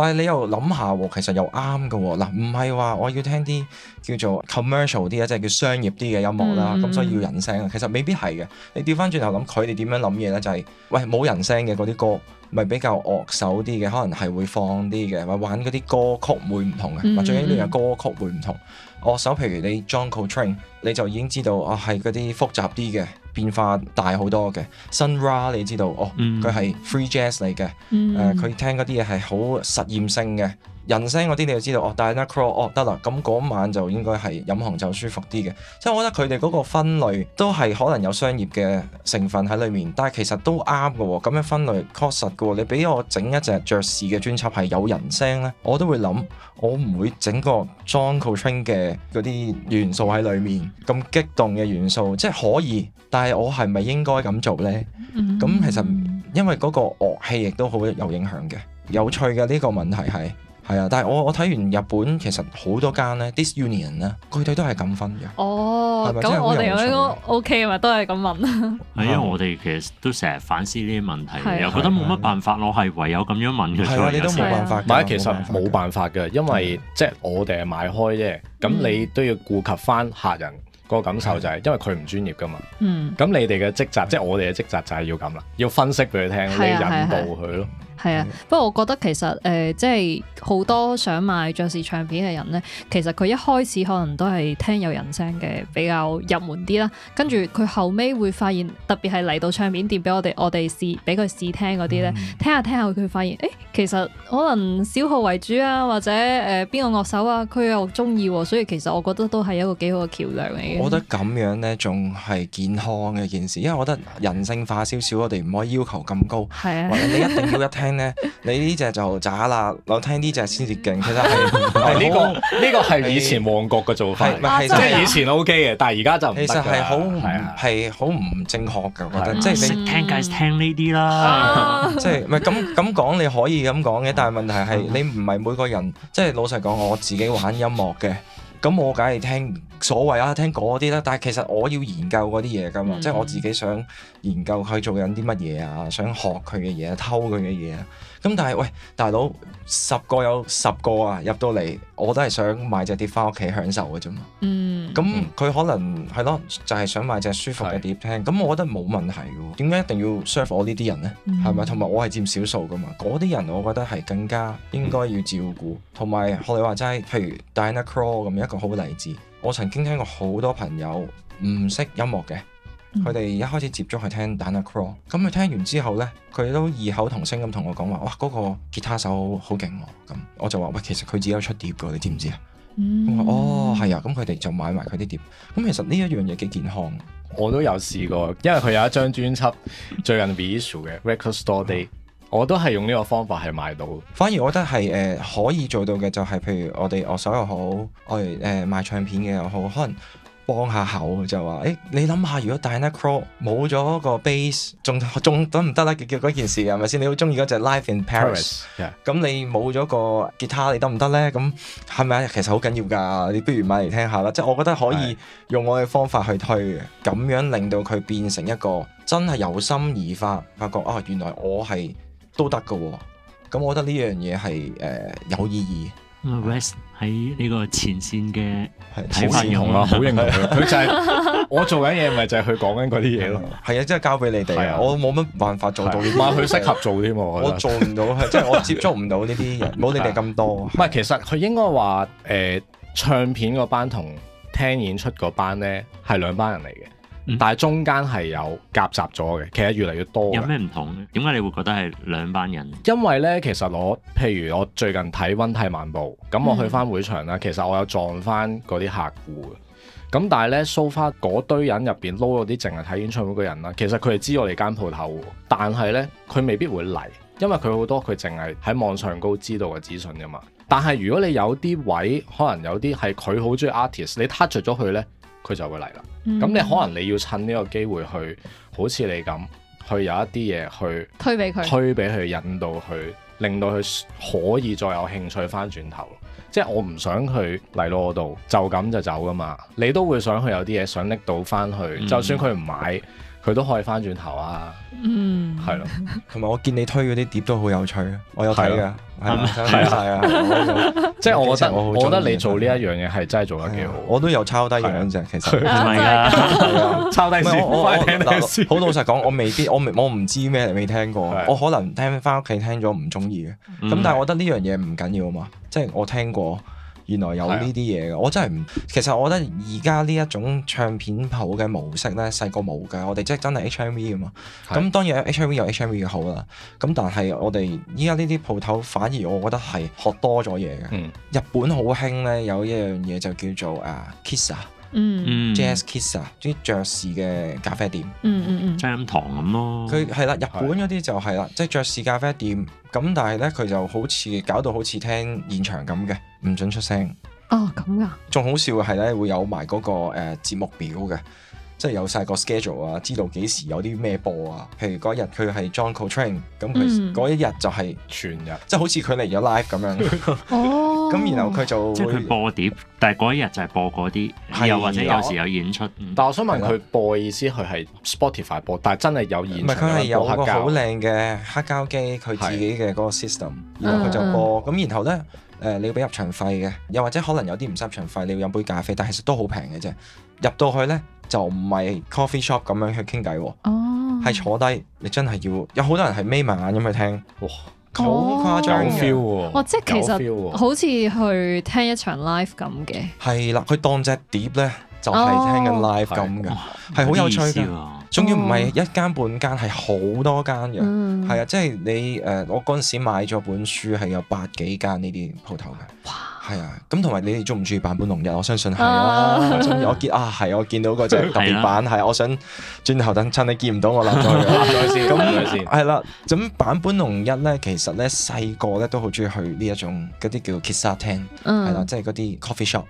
但係你又諗下喎，其實又啱嘅喎，嗱，唔係話我要聽啲叫做 commercial 啲啊，即係叫商業啲嘅音樂啦，咁、嗯、所以要人聲啊。其實未必係嘅，你調翻轉頭諗佢哋點樣諗嘢咧，就係喂，冇人聲嘅嗰啲歌，咪比較樂手啲嘅，可能係會放啲嘅，或玩嗰啲歌曲會唔同嘅，或、嗯、最緊要係歌曲會唔同樂手。譬如你 Jungle Train，你就已經知道啊，係嗰啲複雜啲嘅。變化大好多嘅，Sun Ra 你知道哦，佢係、mm. free jazz 嚟嘅，誒佢、mm. 呃、聽嗰啲嘢係好實驗性嘅。人聲嗰啲你要知道哦，但係呢個哦得啦，咁嗰晚就應該係飲紅酒舒服啲嘅。所以我覺得佢哋嗰個分類都係可能有商業嘅成分喺裏面，但係其實都啱嘅、哦。咁樣分類確實嘅，你俾我整一隻爵士嘅專輯係有人聲呢，我都會諗，我唔會整個 John Coltrane 嘅嗰啲元素喺裏面咁激動嘅元素，即係可以，但係我係咪應該咁做呢？咁、mm hmm. 其實因為嗰個樂器亦都好有影響嘅，有趣嘅呢個問題係。係啊，但係我我睇完日本，其實好多間咧，disunion 咧，佢哋都係咁分嘅。哦，咁我哋應該 OK 啊，咪都係咁問啊。係因為我哋其實都成日反思呢啲問題，又覺得冇乜辦法，我係唯有咁樣問，你都冇辦法。但係其實冇辦法嘅，因為即係我哋係買開啫。咁你都要顧及翻客人個感受，就係因為佢唔專業㗎嘛。嗯。咁你哋嘅職責，即係我哋嘅職責就係要咁啦，要分析俾佢聽，你引導佢咯。係啊，不過我覺得其實誒、呃，即係好多想買爵士唱片嘅人咧，其實佢一開始可能都係聽有人聲嘅比較入門啲啦，跟住佢後尾會發現，特別係嚟到唱片店俾我哋，我哋試俾佢試聽嗰啲咧，聽下聽下佢發現，誒、欸、其實可能小號為主啊，或者誒邊、呃、個樂手啊，佢又中意、啊，所以其實我覺得都係一個幾好嘅橋梁嚟嘅。我覺得咁樣咧，仲係健康嘅一件事，因為我覺得人性化少少，我哋唔可以要求咁高，係是啊，你一定要一聽。 咧，你呢隻就渣啦，我聽呢隻先至勁。其實係呢個呢個係以前旺角嘅做法，即係以前 OK 嘅，但係而家就其實係好係好唔正確噶，我覺得即係你聽梗係聽呢啲啦，即係唔係咁咁講你可以咁講嘅，但係問題係你唔係每個人，即係老實講我自己玩音樂嘅，咁我梗係聽。所謂啊，聽講啲啦，但係其實我要研究嗰啲嘢噶嘛，嗯、即係我自己想研究佢做緊啲乜嘢啊，想學佢嘅嘢，偷佢嘅嘢啊。咁但係喂，大佬十個有十個啊，入到嚟我都係想買隻碟返屋企享受嘅啫嘛。嗯，咁佢可能係咯、嗯，就係、是、想買隻舒服嘅碟聽。咁的我覺得冇問題喎。點解一定要 serve 我呢啲人呢？係咪、嗯？同埋我係佔少數㗎嘛。嗰啲人我覺得係更加應該要照顧。同埋學你話齋，譬如 Diana Krall 咁一個好例子，我曾經聽過好多朋友唔識音樂嘅。佢哋一開始接觸去聽 Daniel Cro，咁佢聽完之後咧，佢都異口同聲咁同我講話，哇嗰、那個吉他手好勁喎！咁、啊、我就話，喂，其實佢自己有出碟噶，你知唔知、mm hmm。哦、啊？我哦，係啊，咁佢哋就買埋佢啲碟。咁其實呢一樣嘢幾健康，我都有試過，因為佢有一張專輯最近 release 嘅 Record Store Day，我都係用呢個方法係買到。反而我覺得係誒、呃、可以做到嘅就係、是，譬如我哋樂手又好，我哋誒賣唱片嘅又好，可能。幫下口就話，誒、欸、你諗下，如果 Diana Krall 冇咗個 base，仲仲得唔得咧？嘅嗰件事係咪先？你好中意嗰隻《Life in Paris》，咁你冇咗個吉他，你得唔得呢？咁係咪？其實好緊要㗎，你不如買嚟聽下啦。即係我覺得可以用我嘅方法去推，咁 Yeah. 樣令到佢變成一個真係由心而發，發覺啊、哦，原來我係都得嘅。咁我覺得呢樣嘢係誒有意義。r e 喺呢個前線嘅，係前線紅啊，好認同佢 就係、是、我做緊嘢，咪就係佢講緊嗰啲嘢咯。係啊，即係、 就是、交俾你哋啊！的我冇乜辦法做到，唔係佢適合做添。我，我做唔到，係即係我接觸唔到呢啲嘢。冇 你哋咁多。唔係， 其實佢應該話誒，唱片嗰班同聽演出嗰班咧，係兩班人嚟嘅。但係中間係有夾雜咗嘅，其實越嚟越多。有咩唔同呢？點解你會覺得係兩班人？因為呢，其實我譬如我最近睇温太漫步，咁我去翻會場啦。嗯、其實我有撞翻嗰啲客戶嘅。咁但係呢，掃翻嗰堆人入邊撈嗰啲，淨係睇演唱會嘅人啦。其實佢係知我哋間鋪頭嘅，但係呢，佢未必會嚟，因為佢好多佢淨係喺網上高知道嘅資訊㗎嘛。但係如果你有啲位，可能有啲係佢好中意 artist，你 touch 咗佢呢，佢就會嚟啦。咁、嗯、你可能你要趁呢個機會去，好似你咁，去有一啲嘢去推俾佢，推俾佢引導佢，令到佢可以再有興趣翻轉頭。即係我唔想佢嚟到我度就咁就走噶嘛，你都會想佢有啲嘢想拎到翻去，嗯、就算佢唔買。佢都可以翻轉頭啊，嗯，係咯，同埋我見你推嗰啲碟都好有趣，我有睇㗎，係啊係啊，即係我真我我覺得你做呢一樣嘢係真係做得幾好，我都有抄低兩隻，其實唔係啊，抄低到。好老實講，我未必我我唔知咩未聽過，我可能聽翻屋企聽咗唔中意嘅，咁但係我覺得呢樣嘢唔緊要啊嘛，即係我聽過。原來有呢啲嘢嘅，啊、我真係唔，其實我覺得而家呢一種唱片鋪嘅模式呢，細個冇㗎，我哋即係真係 H M V 㗎嘛。咁、啊、當然 H M V 有 H M V 嘅好啦，咁但係我哋依家呢啲鋪頭反而我覺得係學多咗嘢嘅。嗯、日本好興呢，有一樣嘢就叫做誒 kiss 啊。Uh, 嗯、mm hmm.，Jazz Kiss 啊，啲爵士嘅咖啡店，嗯嗯嗯，茶、hmm. 飲堂咁咯。佢係啦，日本嗰啲就係、是、啦，的即係爵士咖啡店。咁但係咧，佢就好似搞到好似聽現場咁嘅，唔准出聲。哦，咁噶？仲好笑係咧，會有埋、那、嗰個誒、呃、節目表嘅。即係有晒個 schedule 啊，知道幾時有啲咩播啊。譬如嗰日佢係 John Coltrane，咁佢嗰一日就係全日，嗯、即係好似佢嚟咗 live 咁樣。咁、哦、然後佢就會即係佢播碟，但係嗰一日就係播嗰啲，又或者有時有演出。但我想問佢播嘅意思，佢係 Spotify 播，但係真係有演出唔係佢係有好靚嘅黑膠機，佢自己嘅嗰個 system，然後佢就播。咁、嗯、然後咧，誒、呃、你要俾入場費嘅，又或者可能有啲唔收場費，你要飲杯咖啡，但係其實都好平嘅啫。入到去咧。就唔係 coffee shop 咁樣去傾偈喎，係、oh. 坐低，你真係要有好多人係眯埋眼咁去聽，哇，好、oh. 誇張，有 feel 喎、啊哦，即係其實、啊、好似去聽一場 live 咁嘅，係啦，佢當隻碟呢。就係聽緊 live 咁嘅，係好有趣嘅。仲要唔係一間半間，係好多間嘅。係啊，即係你誒，我嗰陣時買咗本書，係有百幾間呢啲鋪頭嘅。係啊，咁同埋你哋中唔中意坂本龍一？我相信係啊。我見啊，係我見到嗰隻特別版，係我想轉頭等，趁你見唔到我立咗去。咁係啦，咁坂本龍一咧，其實咧細個咧都好中意去呢一種嗰啲叫 kissaten，係啦，即係嗰啲 coffee shop。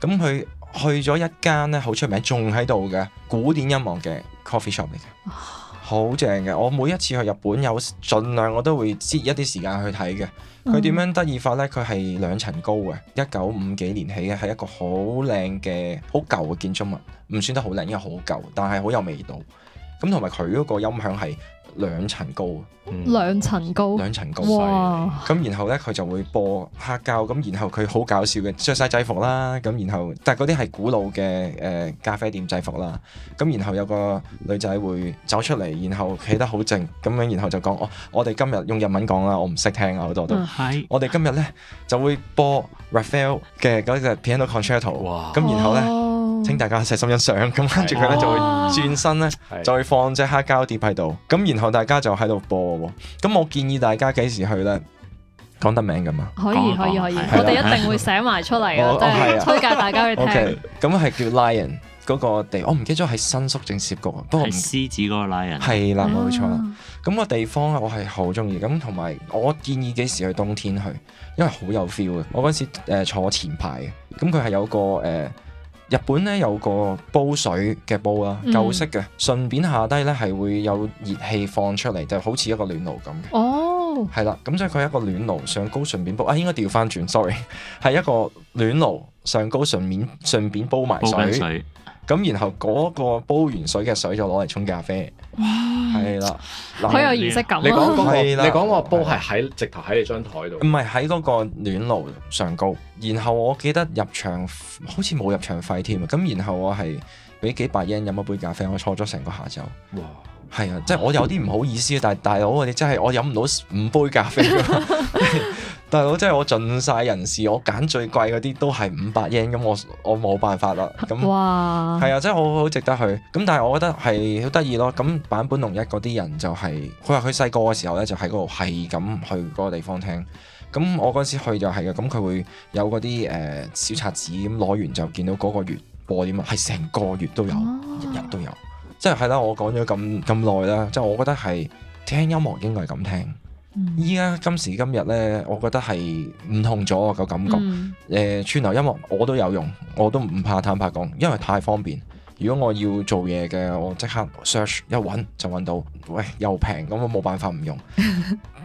咁佢。去咗一間咧好出名，仲喺度嘅古典音樂嘅 coffee shop 嚟嘅，好正嘅。我每一次去日本有盡量我都會擠一啲時間去睇嘅。佢點樣得意法呢？佢係兩層高嘅，嗯、一九五幾年起嘅，係一個好靚嘅好舊嘅建築物，唔算得好靚，因為好舊，但係好有味道。咁同埋佢嗰個音響係。兩層高，嗯、兩層高，兩層高。咁哇然後呢，佢就會播黑膠，咁然後佢好搞笑嘅，着晒制服啦，咁然後，但係嗰啲係古老嘅誒、呃、咖啡店制服啦。咁然後有個女仔會走出嚟，然後企得好靜，咁樣，然後就講我，我哋今日用日文講啦，我唔識聽啊好多都。嗯、我哋今日呢，就會播 Raphael 嘅嗰隻 Piano Concerto。哇！咁然後呢。哇哦請大家細心欣賞，咁跟住佢咧就會轉身咧，就會放隻黑膠碟喺度，咁然後大家就喺度播喎。咁我建議大家幾時去咧？講得名㗎嘛？可以可以可以，我哋一定會寫埋出嚟推介大家去聽。咁係、okay, 叫 Lion 嗰個地，我唔記得咗係新宿政攝局，不過獅子嗰個 Lion 係啦，冇錯啦。咁、啊、個地方我係好鍾意，咁同埋我建議幾時去？冬天去，因為好有 feel 嘅。我嗰時誒坐前排嘅，咁佢係有個誒。呃日本咧有個煲水嘅煲啊，舊式嘅，嗯、順便下低咧係會有熱氣放出嚟，就好似一個暖爐咁。哦，係啦，咁所以佢係一個暖爐上高順便煲啊，應該調翻轉，sorry，係一個暖爐上高順便順便煲埋水。咁然後嗰個煲完水嘅水就攞嚟沖咖啡。哇！係啦，好有儀式感。你講嗰個，你講個煲係喺直頭喺你張枱度。唔係喺嗰個暖爐上高。然後我記得入場好似冇入場費添啊。咁然後我係俾幾百日圓飲一杯咖啡，我坐咗成個下晝。哇！係啊，即係我有啲唔好意思，但係大佬你真係我飲唔到五杯咖啡。大佬，即係 我盡晒人事，我揀最貴嗰啲都係五百 yen。e 咁我我冇辦法啦。咁、嗯，係啊哇，即係好好值得去。咁但係我覺得係好得意咯。咁坂本，本龍一嗰啲人就係、是，佢話佢細個嘅時候咧就喺嗰度係咁去嗰個地方聽。咁我嗰時去就係、是、嘅，咁佢會有嗰啲誒小冊子，咁攞完就見到嗰個月播啲乜，係成個月都有，日日都有。啊、即係係啦，我講咗咁咁耐啦，即係、就是、我覺得係聽音樂應該係咁聽。依家、嗯、今時今日呢，我覺得係唔同咗個感覺。誒、嗯，呃、串流音樂我都有用，我都唔怕坦白講，因為太方便。如果我要做嘢嘅，我即刻 search 一揾就揾到，喂又平，咁我冇辦法唔用。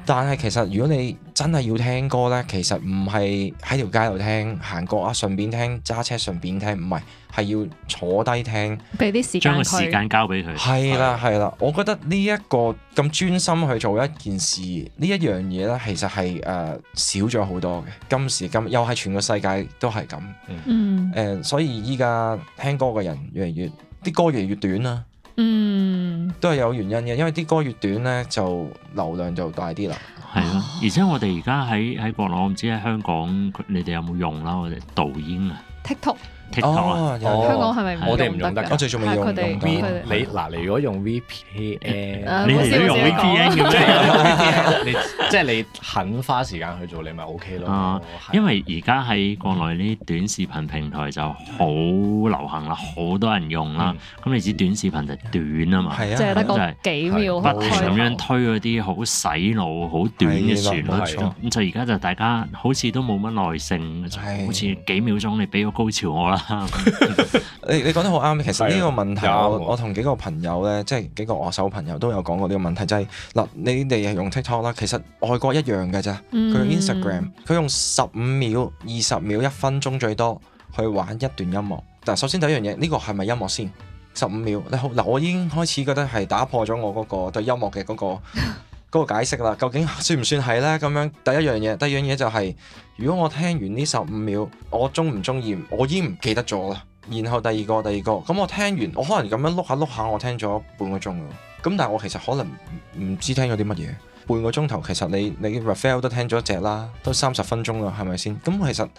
但係其實如果你真係要聽歌呢，其實唔係喺條街度聽，行過啊，順便聽，揸車順便聽，唔係係要坐低聽，俾啲時間俾佢，將個時間交俾佢。係啦，係啦，我覺得呢、呢、一個咁專心去做一件事，呢一樣嘢呢，其實係、呃、少咗好多嘅。今時今日又係全個世界都係咁，嗯、呃、所以依家聽歌嘅人越嚟越，啲歌越嚟越短啊。嗯，都係有原因嘅，因為啲歌越短呢，就流量就大啲啦。係咯，而且我哋而家喺喺國內，我唔知喺香港，你哋有冇用啦？我哋抖音啊，TikTok。TikTok，啊，香港係咪我哋唔用得？我最仲未用 VPN，你嗱，你如果用 VPN，你如果用 VPN 嘅咩？你即係你肯花時間去做，你咪 OK 咯。因為而家喺國內呢啲短視頻平台就好流行啦，好多人用啦。咁你知短視頻就短啊嘛，即係得個幾秒，不停咁樣推嗰啲好洗腦、好短嘅旋律。咁就而家就大家好似都冇乜耐性，好似幾秒鐘你俾個高潮我啦。 你你講得好啱，其實呢個問題我我同幾個朋友呢，即係幾個樂手朋友都有講過呢個問題，就係、是、嗱你哋係用 TikTok 啦，其實外國一樣嘅啫，佢用 Instagram 佢、嗯、用十五秒、二十秒、一分鐘最多去玩一段音樂。但首先第一樣嘢，呢、這個係咪音樂先？十五秒，你好，嗱，我已經開始覺得係打破咗我嗰、那個對音樂嘅嗰個。 個解釋啦，究竟算唔算係呢？咁樣第一樣嘢，第二樣嘢就係、是，如果我聽完呢十五秒，我中唔中意？我已經唔記得咗啦。然後第二個，第二個，咁我聽完，我可能咁樣碌下碌下，我聽咗半個鐘咯。咁但係我其實可能唔知聽咗啲乜嘢。半個鐘頭，其實你你 Raphael 都聽咗一隻啦，都三十分鐘啦，係咪先？咁其實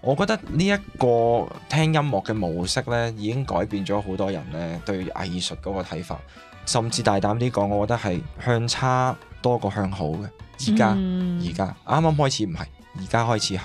我覺得呢一個聽音樂嘅模式呢，已經改變咗好多人呢對藝術嗰個睇法。甚至大膽啲講，我覺得係向差多過向好嘅。而家而家啱啱開始唔係，而家開始係。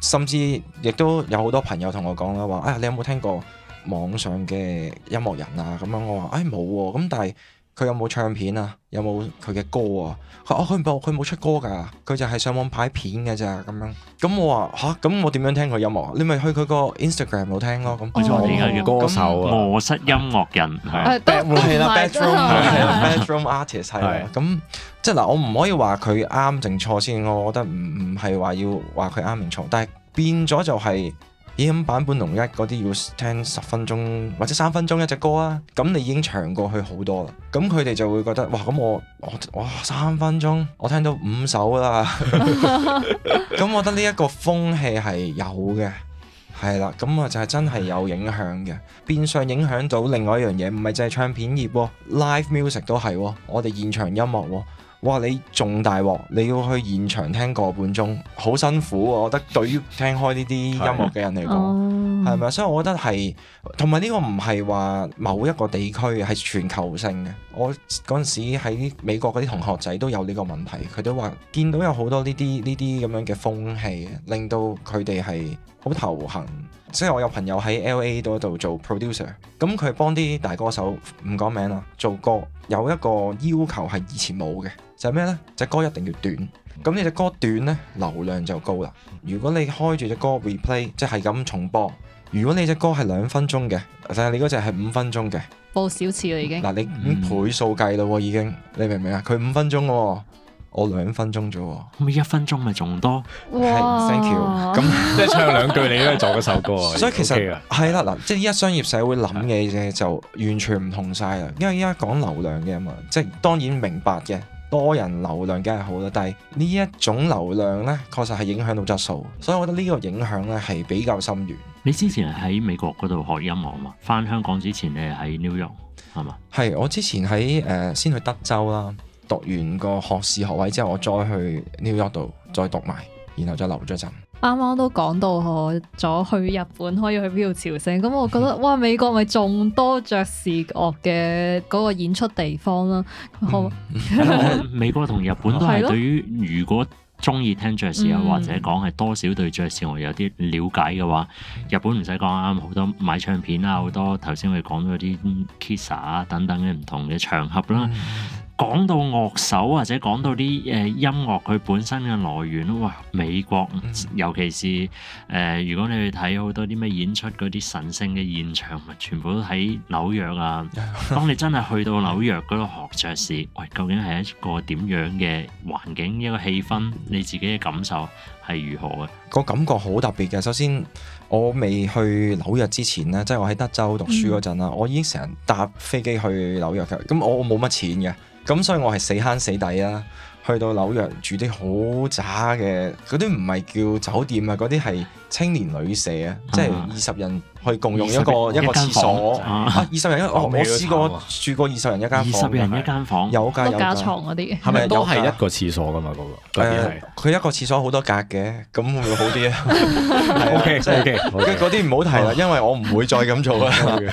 甚至亦都有好多朋友同我講啦，話、哎、啊，你有冇聽過網上嘅音樂人啊？咁樣我話誒冇喎，咁、哎啊、但係。佢有冇唱片啊？有冇佢嘅歌啊？佢佢唔佢冇出歌噶，佢就係上網拍片嘅咋咁樣。咁我話吓？咁我點樣聽佢音樂？你咪去佢個 Instagram 度聽咯。咁歌手、嗯、啊，臥室音樂人係係啦，bedroom bedroom artist 係、啊。咁即係嗱，我唔可以話佢啱定錯先，我覺得唔唔係話要話佢啱定錯，但係變咗就係、是。咦咁、嗯、版本濃一嗰啲要聽十分鐘或者三分鐘一隻歌啊，咁你已經長過去好多啦。咁佢哋就會覺得哇，咁我我哇三分鐘，我聽到五首啦。咁、 嗯、我覺得呢一個風氣係有嘅，係啦，咁啊就係真係有影響嘅。變相影響到另外一樣嘢，唔係淨係唱片業喎，live music 都係喎、哦，我哋現場音樂喎、哦。哇！你仲大鑊，你要去現場聽個半鐘，好辛苦啊！我覺得對於聽開呢啲音樂嘅人嚟講，係咪啊？所以我覺得係，同埋呢個唔係話某一個地區，係全球性嘅。我嗰陣時喺美國嗰啲同學仔都有呢個問題，佢都話見到有好多呢啲呢啲咁樣嘅風氣，令到佢哋係好頭痕。即係我有朋友喺 L.A. 嗰度做 producer，咁佢幫啲大歌手唔講名啦做歌，有一個要求係以前冇嘅，就係、是、咩呢？隻歌一定要短。咁你隻歌短呢，流量就高啦。如果你開住隻歌 replay，即係咁重播。如果你隻歌係兩分鐘嘅，但係你嗰隻係五分鐘嘅，播少次啦已經嗱，你五倍數計啦、嗯、已經，你明唔明啊？佢五分鐘喎、哦。我兩分鐘啫喎，咁一分鐘咪仲多哇？Thank you，咁即係唱兩句你都係做嗰首歌， 所以其實係啦，嗱 Okay 了，即係依家商業社會諗嘅嘢就完全唔同晒啦，因為依家講流量嘅啊嘛，即係當然明白嘅多人流量梗係好啦，但係呢一種流量咧確實係影響到質素，所以我覺得呢個影響咧係比較深遠。你之前喺美國嗰度學音樂啊嘛，翻香港之前你係喺 New York 係嘛？係我之前喺誒、呃、先去德州啦。讀完個學士學位之後，我再去 New York 度再讀埋，然後再留咗陣。啱啱都講到我咗去日本可以去邊度朝聖，咁我覺得、嗯、哇，美國咪仲多爵士樂嘅嗰個演出地方啦。好，美國同日本都係對於如果中意聽爵士啊， 嗯、或者講係多少對爵士樂有啲了解嘅話，日本唔使講啱好多買唱片啊，好多頭先我哋講啲 kiss 啊等等嘅唔同嘅場合啦。嗯講到樂手或者講到啲誒音樂佢本身嘅來源，哇！美國尤其是誒、呃，如果你去睇好多啲咩演出，嗰啲神聖嘅現場，咪全部都喺紐約啊！當你真係去到紐約嗰度學爵士，喂，究竟係一個點樣嘅環境一個氣氛？你自己嘅感受係如何嘅？個感覺好特別嘅。首先，我未去紐約之前呢，即、就、係、是、我喺德州讀書嗰陣啦，嗯、我已經成日搭飛機去紐約。咁我冇乜錢嘅。咁所以我係死慳死抵啦，去到紐約住啲好渣嘅，嗰啲唔係叫酒店啊，嗰啲係青年旅社啊， 即係二十人。去共用一個一個廁所，二十人一，我我試過住過二十人一間房，有架有架牀嗰啲嘅，係咪都係一個廁所㗎嘛？嗰，佢一個廁所好多格嘅，咁會唔會好啲啊？OK OK，嗰啲唔好提啦，因為我唔會再咁做啦。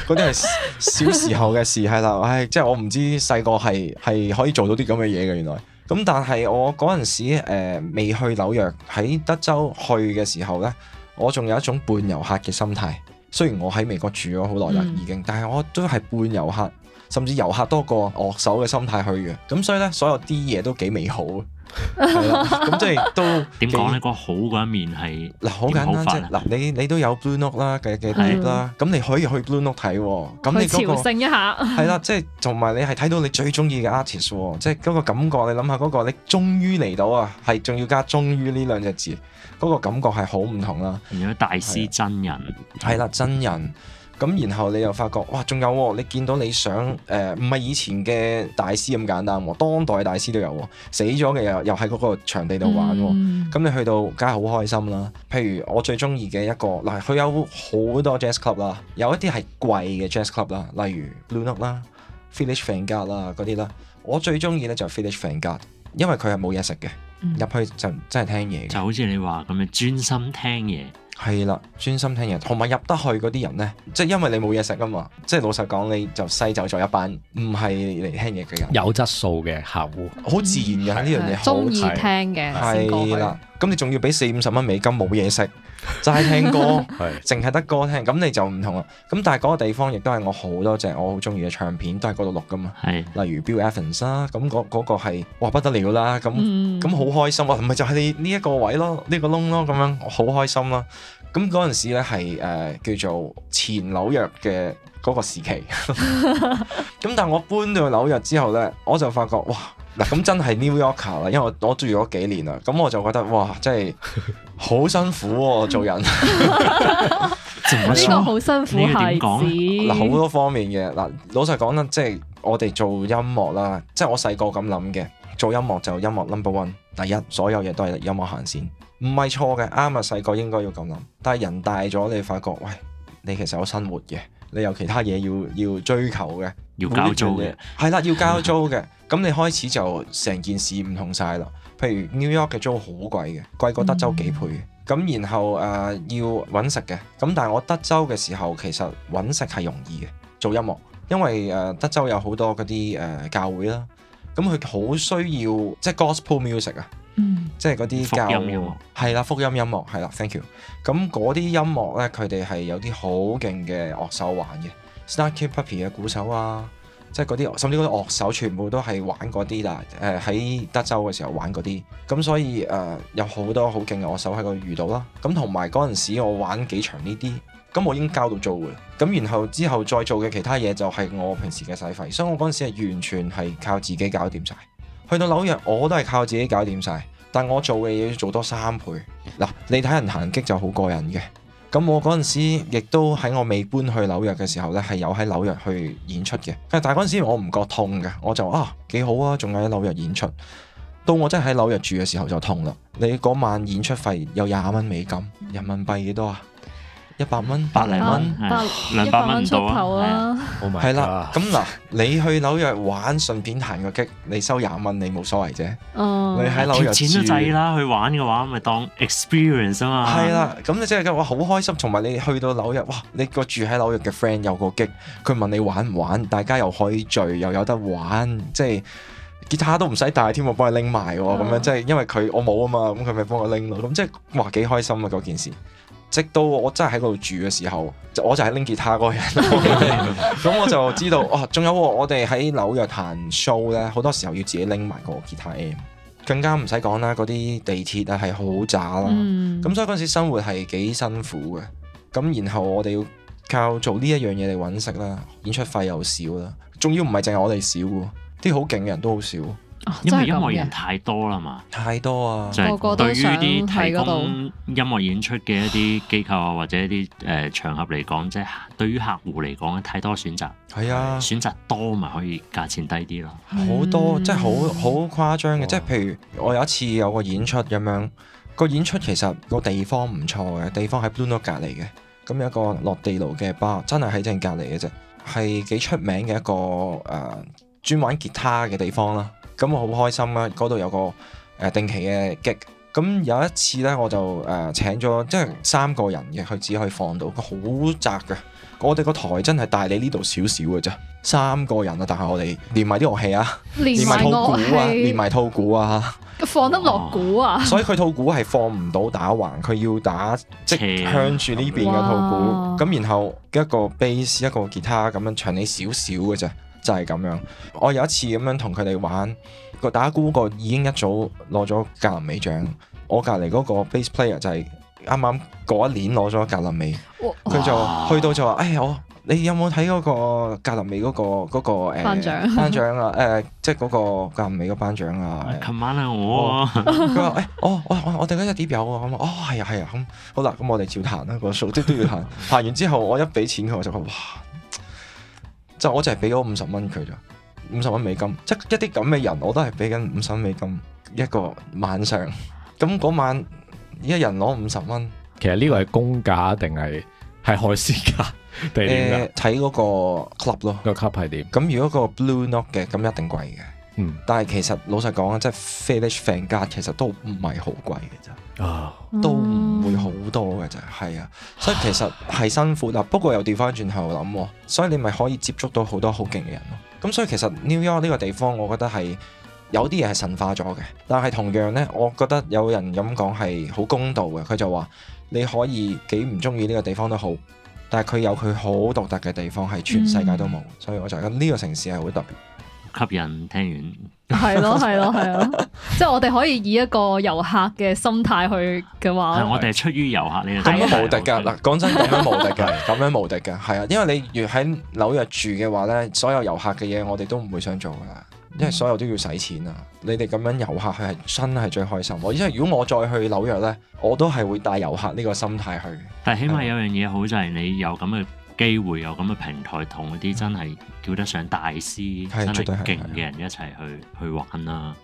嗰啲係小時候嘅事係啦，唉，即係我唔知細個係係可以做到啲咁嘅嘢嘅原來。咁但係我嗰陣時誒未去紐約喺德州去嘅時候呢，我仲有一種半遊客嘅心態。雖然我喺美國住咗好耐啦，已經，但係我都係半遊客，甚至遊客多過樂手嘅心態去嘅，咁所以呢，所有啲嘢都幾美好。係啦，咁即係都點講呢？嗰個好嗰一面係嗱，好簡單好即係嗱，你你都有 Blue Note 啦，嘅嘅碟啦，咁你可以去 Blue Note 睇，咁你朝聖一下，係啦，即係同埋你係睇到你最中意嘅 artist，即係嗰個感覺，你諗下嗰個你終於嚟到啊，係仲要加終於呢兩隻字，嗰個感覺係好唔同啦。如果大師真人係啦，真人。咁然後你又發覺，哇，仲有喎！你見到你想誒，唔、呃、係以前嘅大師咁簡單喎，當代大師都有喎，死咗嘅又又喺嗰個場地度玩喎。咁、嗯嗯、你去到梗係好開心啦。譬如我最中意嘅一個嗱，佢有好多 jazz club 啦，有一啲係貴嘅 jazz club 啦，例如 Blue Note 啦、Village Vanguard 啦嗰啲啦。我最中意咧就係 Village Vanguard 因為佢係冇嘢食嘅，入去就真係聽嘢、嗯。就好似你話咁樣，專心聽嘢。係啦，專心聽嘢，同埋入得去嗰啲人呢，即係因為你冇嘢食噶嘛，即係老實講，你就篩走咗一班唔係嚟聽嘢嘅人，有質素嘅客戶，好自然嘅呢樣嘢，中意聽嘅的了先過去。咁你仲要俾四五十蚊美金冇嘢食，就係聽歌，淨係 得歌聽。咁你就唔同啦。咁但係嗰個地方亦都係我好多隻我好中意嘅唱片都係嗰度錄噶嘛。係是，例如 Bill Evans 啦。咁嗰嗰個係、嗰個、哇不得了啦。咁咁好開心、嗯、啊，唔係就係呢一個位咯，呢、呢個窿咯，咁樣好開心啦。咁嗰陣時呢係、呃、叫做前紐約嘅嗰個時期。咁 但係我搬到紐約之後呢，我就發覺哇～嗱，咁真係 New Yorker 啦，因為我我住咗幾年啦，咁我就覺得哇，真係好辛苦喎、啊， 做人呢 個好辛苦係點講？嗱，好多方面嘅嗱，老實講啦，即係我哋做音樂啦，即係我細個咁諗嘅，做音樂就音樂 number one，第一所有嘢都係音樂行先，唔係錯嘅，啱啊，細個應該要咁諗，但係人大咗你發覺，喂，你其實有生活嘅。你有其他嘢要要追求嘅，要交租嘅，係啦，要交租嘅。咁你開始就成件事唔同晒咯。譬如 New York 嘅租好貴嘅，貴過德州幾倍嘅。咁、嗯、然後誒、呃、要揾食嘅。咁但係我德州嘅時候其實揾食係容易嘅，做音樂，因為誒、呃、德州有好多嗰啲誒教會啦。咁佢好需要即係、就是、gospel music 啊。嗯、即係嗰啲福音音樂，係啦，福音音樂，係啦，thank you。咁嗰啲音樂咧，佢哋係有啲好勁嘅樂手玩嘅 Snarky Puppy 嘅鼓手啊，即係嗰啲，甚至嗰啲樂手全部都係玩嗰啲啦。誒、呃、喺德州嘅時候玩嗰啲，咁所以誒、呃、有好多好勁嘅樂手喺度遇到啦。咁同埋嗰陣時我玩幾場呢啲，咁我已經交到租嘅。咁然後之後再做嘅其他嘢就係我平時嘅使費，所以我嗰陣時係完全係靠自己搞掂晒。去到紐約我都係靠自己搞掂晒，但我做嘅嘢要做多三倍。嗱，你睇人行擊就好過癮嘅，咁我嗰陣時亦都喺我未搬去紐約嘅時候咧，係有喺紐約去演出嘅。但係嗰陣時我唔覺痛嘅，我就啊，幾好啊，仲有喺紐約演出。到我真係喺紐約住嘅時候就痛啦。你嗰晚演出費有廿蚊美金，人民幣幾多啊？一百蚊，百零蚊，兩百蚊到頭啦。係啦， 咁嗱，你去紐約玩，順便彈個激，你收廿蚊，嗯、你冇所謂啫。你喺紐約貼錢都制啦，去玩嘅話，咪當 experience 啊嘛。係啦，咁你即係嘅話，好開心。同埋你去到紐約，哇！你個住喺紐約嘅 friend 有個激，佢問你玩唔玩，大家又可以聚，又有得玩，即係吉他都唔使帶添，我幫你拎埋喎。咁樣、嗯、即係因為佢我冇啊嘛，咁佢咪幫我拎咯。咁即係話幾開心啊嗰件事。直到我真係喺度住嘅時候，我就係拎吉他嗰個人，咁 我就知道哦。仲有、哦、我哋喺紐約彈 show 咧，好多時候要自己拎埋個吉他 M，更加唔使講啦，嗰啲地鐵啊係好渣啦。咁、嗯、所以嗰時生活係幾辛苦嘅。咁然後我哋要靠做呢一樣嘢嚟搵食啦，演出費又少啦，仲要唔係淨係我哋少，啲好勁嘅人都好少。因為音樂人太多啦嘛，太多啊，就係對於啲提供音樂演出嘅一啲機構啊，或者一啲誒、呃呃、場合嚟講，即、就、係、是、對於客戶嚟講，太多選擇，係啊，選擇多咪可以價錢低啲咯，好多、嗯、即係好好誇張嘅，哇即係譬如我有一次有一個演出咁樣，個演出其實個地方唔錯嘅，地方喺搬 l 隔離嘅，咁有個落地爐嘅吧，真係喺正隔離嘅啫，係幾出名嘅一個誒、呃、專玩吉他嘅地方啦。咁我好開心啦、啊！嗰度有個誒、呃、定期嘅 gig 咁有一次呢，我就誒、呃、請咗即係三個人嘅，佢只可以放到，佢好窄嘅。我哋個台真係大你呢度少少嘅啫。三個人啊，但係我哋連埋啲樂器啊，連埋套鼓啊，連埋套鼓啊，放得落鼓啊。所以佢套鼓係放唔到打橫，佢要打即向住呢邊嘅套鼓。咁哇然後一個 bass，一個吉他咁樣長你少少嘅啫。就係咁樣，我有一次咁樣同佢哋玩個打鼓個，已經一早攞咗格林美獎。我隔離嗰個 base player 就係啱啱嗰一年攞咗格林美，佢哇就哇去到就話，哎呀，我，你有冇睇嗰個格林美嗰、嗰個嗰、嗰個誒頒獎頒獎啊？誒、呃，即係嗰個格林美個頒獎啊？琴、啊、晚係我，佢話、哦，誒， 我我我我哋嗰碟有啊？我話，哦，係、哦、啊，係啊，咁、啊啊、好啦，咁、嗯、我哋照彈啦，個數即都要彈。 彈完之後，我一俾錢佢，我就話，哇！就我就係俾咗五十蚊佢咋，五十蚊美金。即係一啲咁嘅人，我都係俾緊五十美金一個晚上。咁嗰晚一人攞五十蚊。其實呢個係公價定係係海鮮價定點㗎？睇嗰個 club 咯，個 club 係點？咁如果個 blue note 嘅，咁一定貴嘅。嗯，但係其實老實講即係 Village Vanguard 價其實都唔係好貴嘅啫。啊，都唔會好多嘅啫。係啊，所以其實係辛苦啦，不過又調翻轉頭諗，所以你咪可以接觸到好多好勁嘅人咯。咁所以其實 New York 呢個地方，我覺得係有啲嘢係神化咗嘅，但係同樣呢，我覺得有人咁講係好公道嘅，佢就話你可以幾唔中意呢個地方都好，但係佢有佢好獨特嘅地方係全世界都冇，嗯、所以我就覺得呢個城市係好特別。吸引聽完， 係咯，係咯，係咯，即係我哋可以以一個遊客嘅心態去嘅話，我哋係出於遊客呢樣嘢，咁樣無敵噶。嗱，講真咁樣無敵噶，咁樣無敵噶，係啊。 因為你越喺紐約住嘅話咧，所有遊客嘅嘢我哋都唔會想做噶啦，因為所有都要使錢啊。你哋咁樣遊客去係真係最開心，因為如果我再去紐約咧，我都係會帶遊客呢個心態去。但係起碼有樣嘢好就係你有咁嘅機會，有咁嘅平台，同嗰啲真係叫得上大師、是真係勁嘅人一齊去的去玩啦、啊。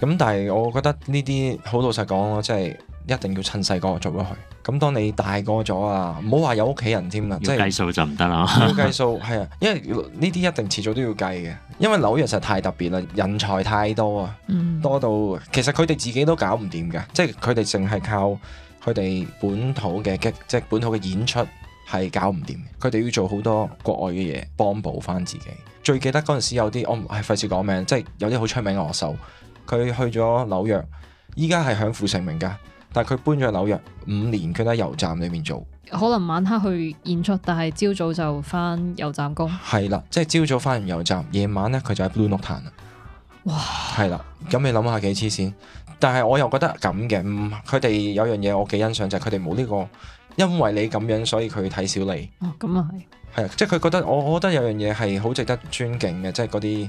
咁但係我覺得呢啲好老實講，即、就、係、是、一定要趁細個做落去。咁當你大個咗啊，唔好話有屋企人添啊，即係計數就唔得啦。要計數，係啊是， 因為呢啲一定遲早都要計嘅，因為紐約實在太特別啦，人才太多啊，嗯、多到其實佢哋自己都搞唔掂㗎，即係佢哋淨係靠佢哋本土嘅即係本土嘅演出。係搞唔掂嘅，佢哋要做好多國外嘅嘢，幫補翻自己。最記得嗰陣時有啲，我唔係費事講名，即係有啲好出名嘅樂手，佢去咗紐約，依家係享負盛名嘅，但係佢搬咗去紐約五年，佢喺油站裏面做。可能晚黑去演出，但係朝早就翻油站工。係啦，即係朝早翻完油站，夜晚呢，佢就喺 Blue Note 彈啦。哇！係啦，咁你諗下幾黐線？但係我又覺得咁嘅，嗯，佢哋有樣嘢我幾欣賞，就係佢哋冇呢個。因為你咁樣，所以佢睇小你。哦，咁啊係。係啊，即係佢覺得，我覺得有樣嘢係好值得尊敬嘅，即係嗰啲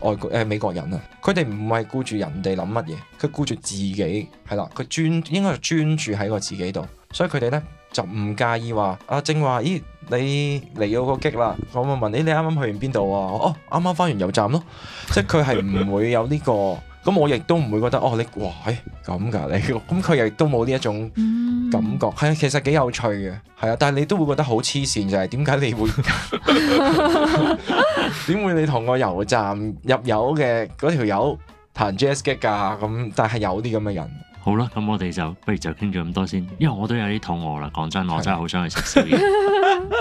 外國誒、呃、美國人啊，佢哋唔係顧住人哋諗乜嘢，佢顧住自己係啦，佢專應該係專注喺我自己度，所以佢哋咧就唔介意話阿、啊、正話，咦你嚟到個激啦，我問問，你，你啱啱去完邊度啊？哦，啱啱翻完油站咯， 即係佢係唔會有呢、呢個。咁我亦都唔會覺得哦，你哇，誒咁㗎你，咁 佢亦都冇呢一種感覺，係、嗯、其實幾有趣嘅。係啊，但係你都會覺得好黐線，就係點解你會點會你同個油站入油嘅嗰條友彈 Jazz 結他㗎咁，但係有啲咁嘅人。好啦，咁我哋就不如就傾咗咁多先，因為我都有啲肚餓啦。講真，我真係好想去食宵夜。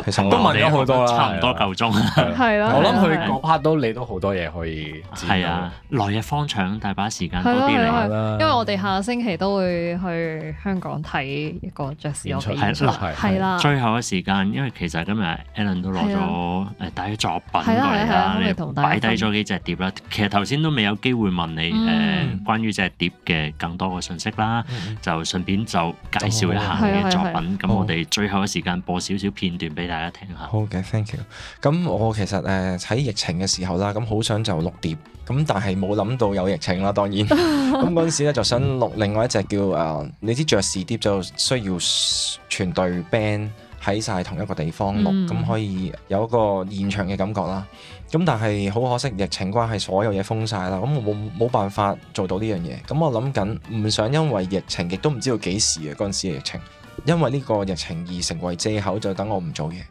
其實我都問咗好多啦，差唔多夠鐘啦。係咯，我諗佢講下都你都好多嘢可以。係啊，來日方長，大把時間多啲聊。因為我哋下星期都會去香港睇一個爵士樂比賽。係啦，最後嘅時間，因為其實今日 Alan 都攞咗誒，大家作品啦係擺低咗幾隻碟啦。其實頭先都未有機會問你誒，關於隻碟嘅更多嘅信息。啦，嗯、就順便就介紹一下佢嘅作品。咁、哦、我哋最後嘅時間播少少片段俾大家聽下。好嘅，thank you。咁我其實誒喺疫情嘅時候啦，咁好想就錄碟，咁但係冇諗到有疫情啦。當然咁嗰陣時咧，就想錄另外一隻叫誒呢啲爵士碟，就需要全隊 band 喺晒同一個地方錄，咁、嗯、可以有一個現場嘅感覺啦。咁但係好可惜，疫情關係所有嘢封晒啦，咁我冇冇辦法做到呢樣嘢。咁我諗緊，唔想因為疫情，亦都唔知道幾時嘅嗰陣時嘅疫情，因為呢個疫情而成為借口，就等我唔做嘢。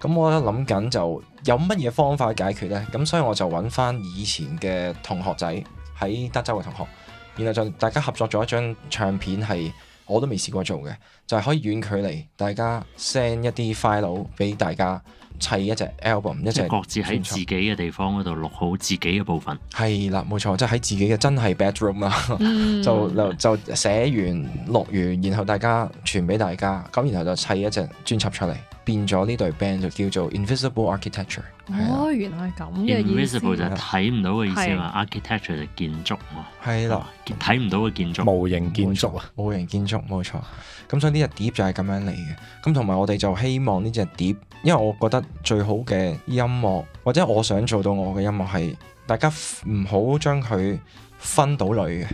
咁我諗緊就有乜嘢方法解決呢？咁所以我就揾翻以前嘅同學仔喺德州嘅同學，然後就大家合作咗一張唱片，係我都未試過做嘅，就係可以遠距離大家 send 一啲 file 俾大家。砌一隻 album，一隻各自喺自己嘅地方嗰度錄好自己嘅部分。係啦，冇錯，即係喺自己嘅真係 bedroom 啊，就就寫完錄完，然後大家傳俾大家，咁然後就砌一隻專輯出嚟，變咗呢隊 band 就叫做 Invisible Architecture。哦，原來係咁嘅意思。Invisible 就睇唔到嘅意思嘛，Architecture 就建築嘛。係咯，睇唔到嘅建築，無形建築啊，無形建築冇錯。咁所以呢隻碟就係咁樣嚟嘅。咁同埋我哋就希望呢隻碟。因為我覺得最好嘅音樂，或者我想做到我嘅音樂係，大家唔好將佢分到類嘅。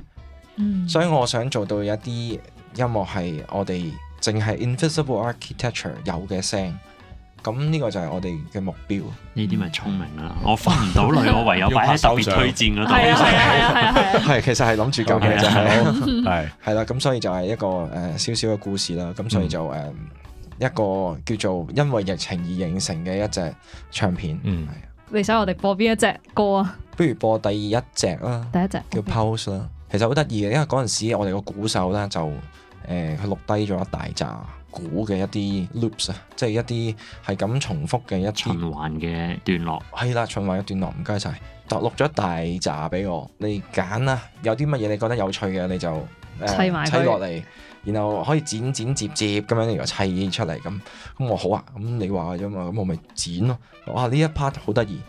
嗯，所以我想做到一啲音樂係我哋淨係 Invisible Architecture 有嘅聲。咁呢個就係我哋嘅目標。呢啲咪聰明啦！我分唔到類，我唯有擺喺特別推薦咯。係其實係諗住究竟就係係係啦。咁所以就係一個誒少少嘅故事啦。咁所以就誒。Um, 嗯一個叫做因為疫情而形成嘅一隻唱片，嗯，的你想我哋播邊一隻歌啊？不如播第一隻啦，第一隻叫 Pause 啦，嗯，其實好得意嘅，因為嗰陣時我哋個鼓手咧就誒，佢、呃、錄低咗一大紮鼓嘅一啲 loops 啊，即係一啲係咁重複嘅一循環嘅段落。係啦，循環一段落，唔該晒。就錄咗一大紮俾我，你揀啦，有啲乜嘢你覺得有趣嘅你就誒砌埋砌落嚟。呃然後可以剪剪，剪接接咁樣嚟個砌出嚟咁，咁我好啊，咁、嗯、你話嘅啫嘛，咁、嗯、我咪剪咯。哇，呢一 part 好得意，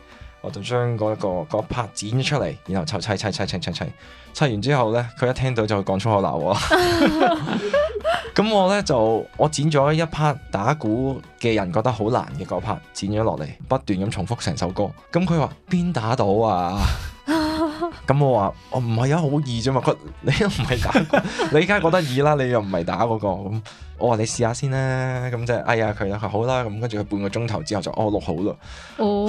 我就將嗰、嗰個 part 剪咗出嚟，然後就砌砌砌砌砌砌砌完之後呢，佢一聽到就會講粗口鬧我。咁、 嗯、我呢，就我剪咗一 part 打鼓嘅人覺得好難嘅嗰 part 剪咗落嚟，不斷咁重複成首歌。咁佢話邊打到啊？咁我話我唔係啊，好易啫嘛！佢你又唔係打、嗰個， 你依家覺得易啦，你又唔係打嗰、嗰個咁。我話你試下先啦，咁即係哎呀，佢啦，佢好啦，咁跟住佢半個鐘頭之後就哦錄好咯。哦，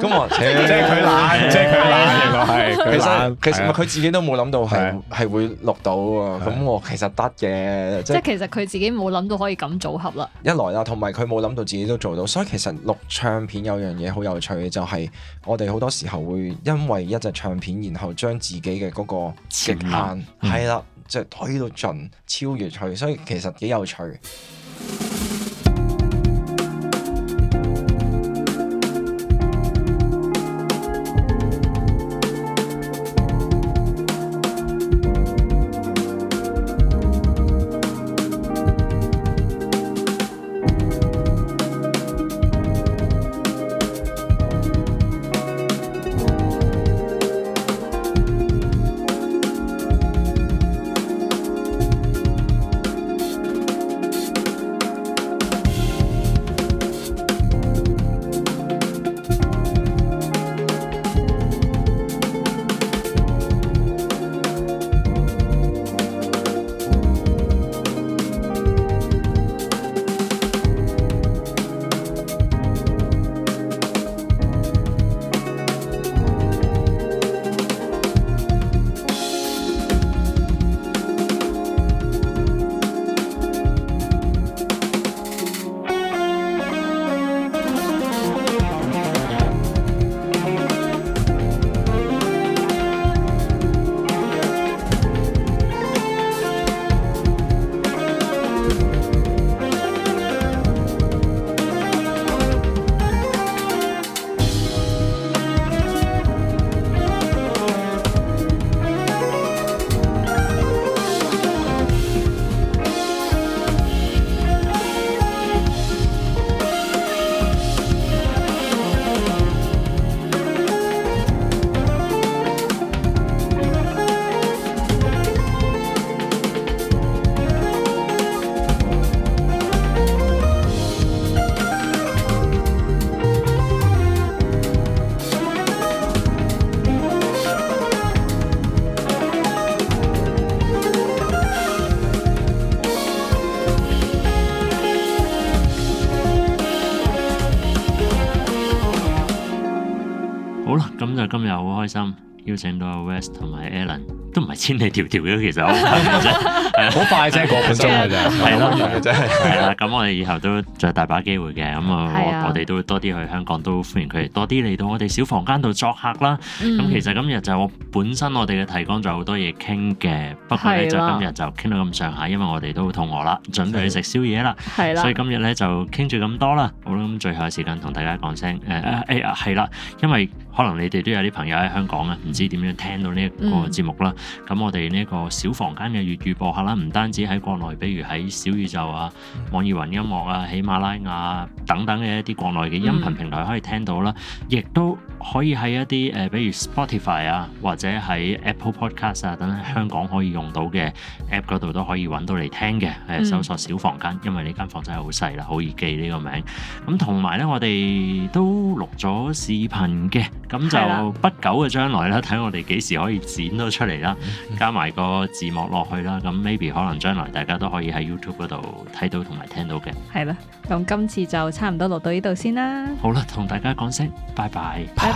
咁我即係佢懶，即係佢懶，原來係，其實其實佢自己都冇諗到係係會錄到喎。咁我其實得嘅，即係其實佢自己冇諗到可以咁組合啦。一來啦，同埋佢冇諗到自己都做到，所以其實錄唱片有樣嘢好有趣嘅，就係我哋好多時候會因為一隻唱片，然後將自己嘅嗰個極限係啦。即係推到盡，超越佢，所以其實幾有趣。心邀請到 West 同埋 Alan，都唔係千里迢迢嘅，其實好快啫，個半鐘嘅啫，係啦 了。咁 我哋以後都再大把機會嘅，咁我我哋都會多啲去香港，都歡迎佢哋多啲嚟到我哋小房間度作客啦。咁、啊嗯、其實今日就我本身我哋嘅提綱就好多嘢傾嘅，不過咧、啊、就今日就傾到咁上下，因為我哋都肚餓啦，準備去食宵夜啦，啊、所以今日咧就傾住咁多啦。好啦咁最後嘅時間同大家講聲，誒、呃、誒，係、哎、啦、啊，因為。因為可能你哋都有啲朋友喺香港啊，唔知點樣聽到呢一個節目啦。咁、嗯、我哋呢個小房間嘅粵語播客啦，唔單止喺國內，比如喺小宇宙啊、網易雲音樂啊、喜馬拉雅、啊、等等嘅一啲國內嘅音頻平台可以聽到啦，亦、嗯、都。可以喺一啲誒、呃，比如 Spotify 啊，或者喺 Apple Podcast 啊等等香港可以用到嘅 App 度都可以揾到嚟聽嘅。誒、嗯，搜索小房間，因為呢間房間真係好細啦，好易記呢個名。咁同埋呢，我哋都錄咗視頻嘅，咁就不久嘅將來啦，睇我哋幾時可以剪到出嚟啦，加埋個字幕落去啦。咁 maybe、嗯、可能將來大家都可以喺 YouTube 度睇到同埋聽到嘅。係啦，咁今次就差唔多錄到呢度先啦。好啦，同大家講聲拜拜。拜拜。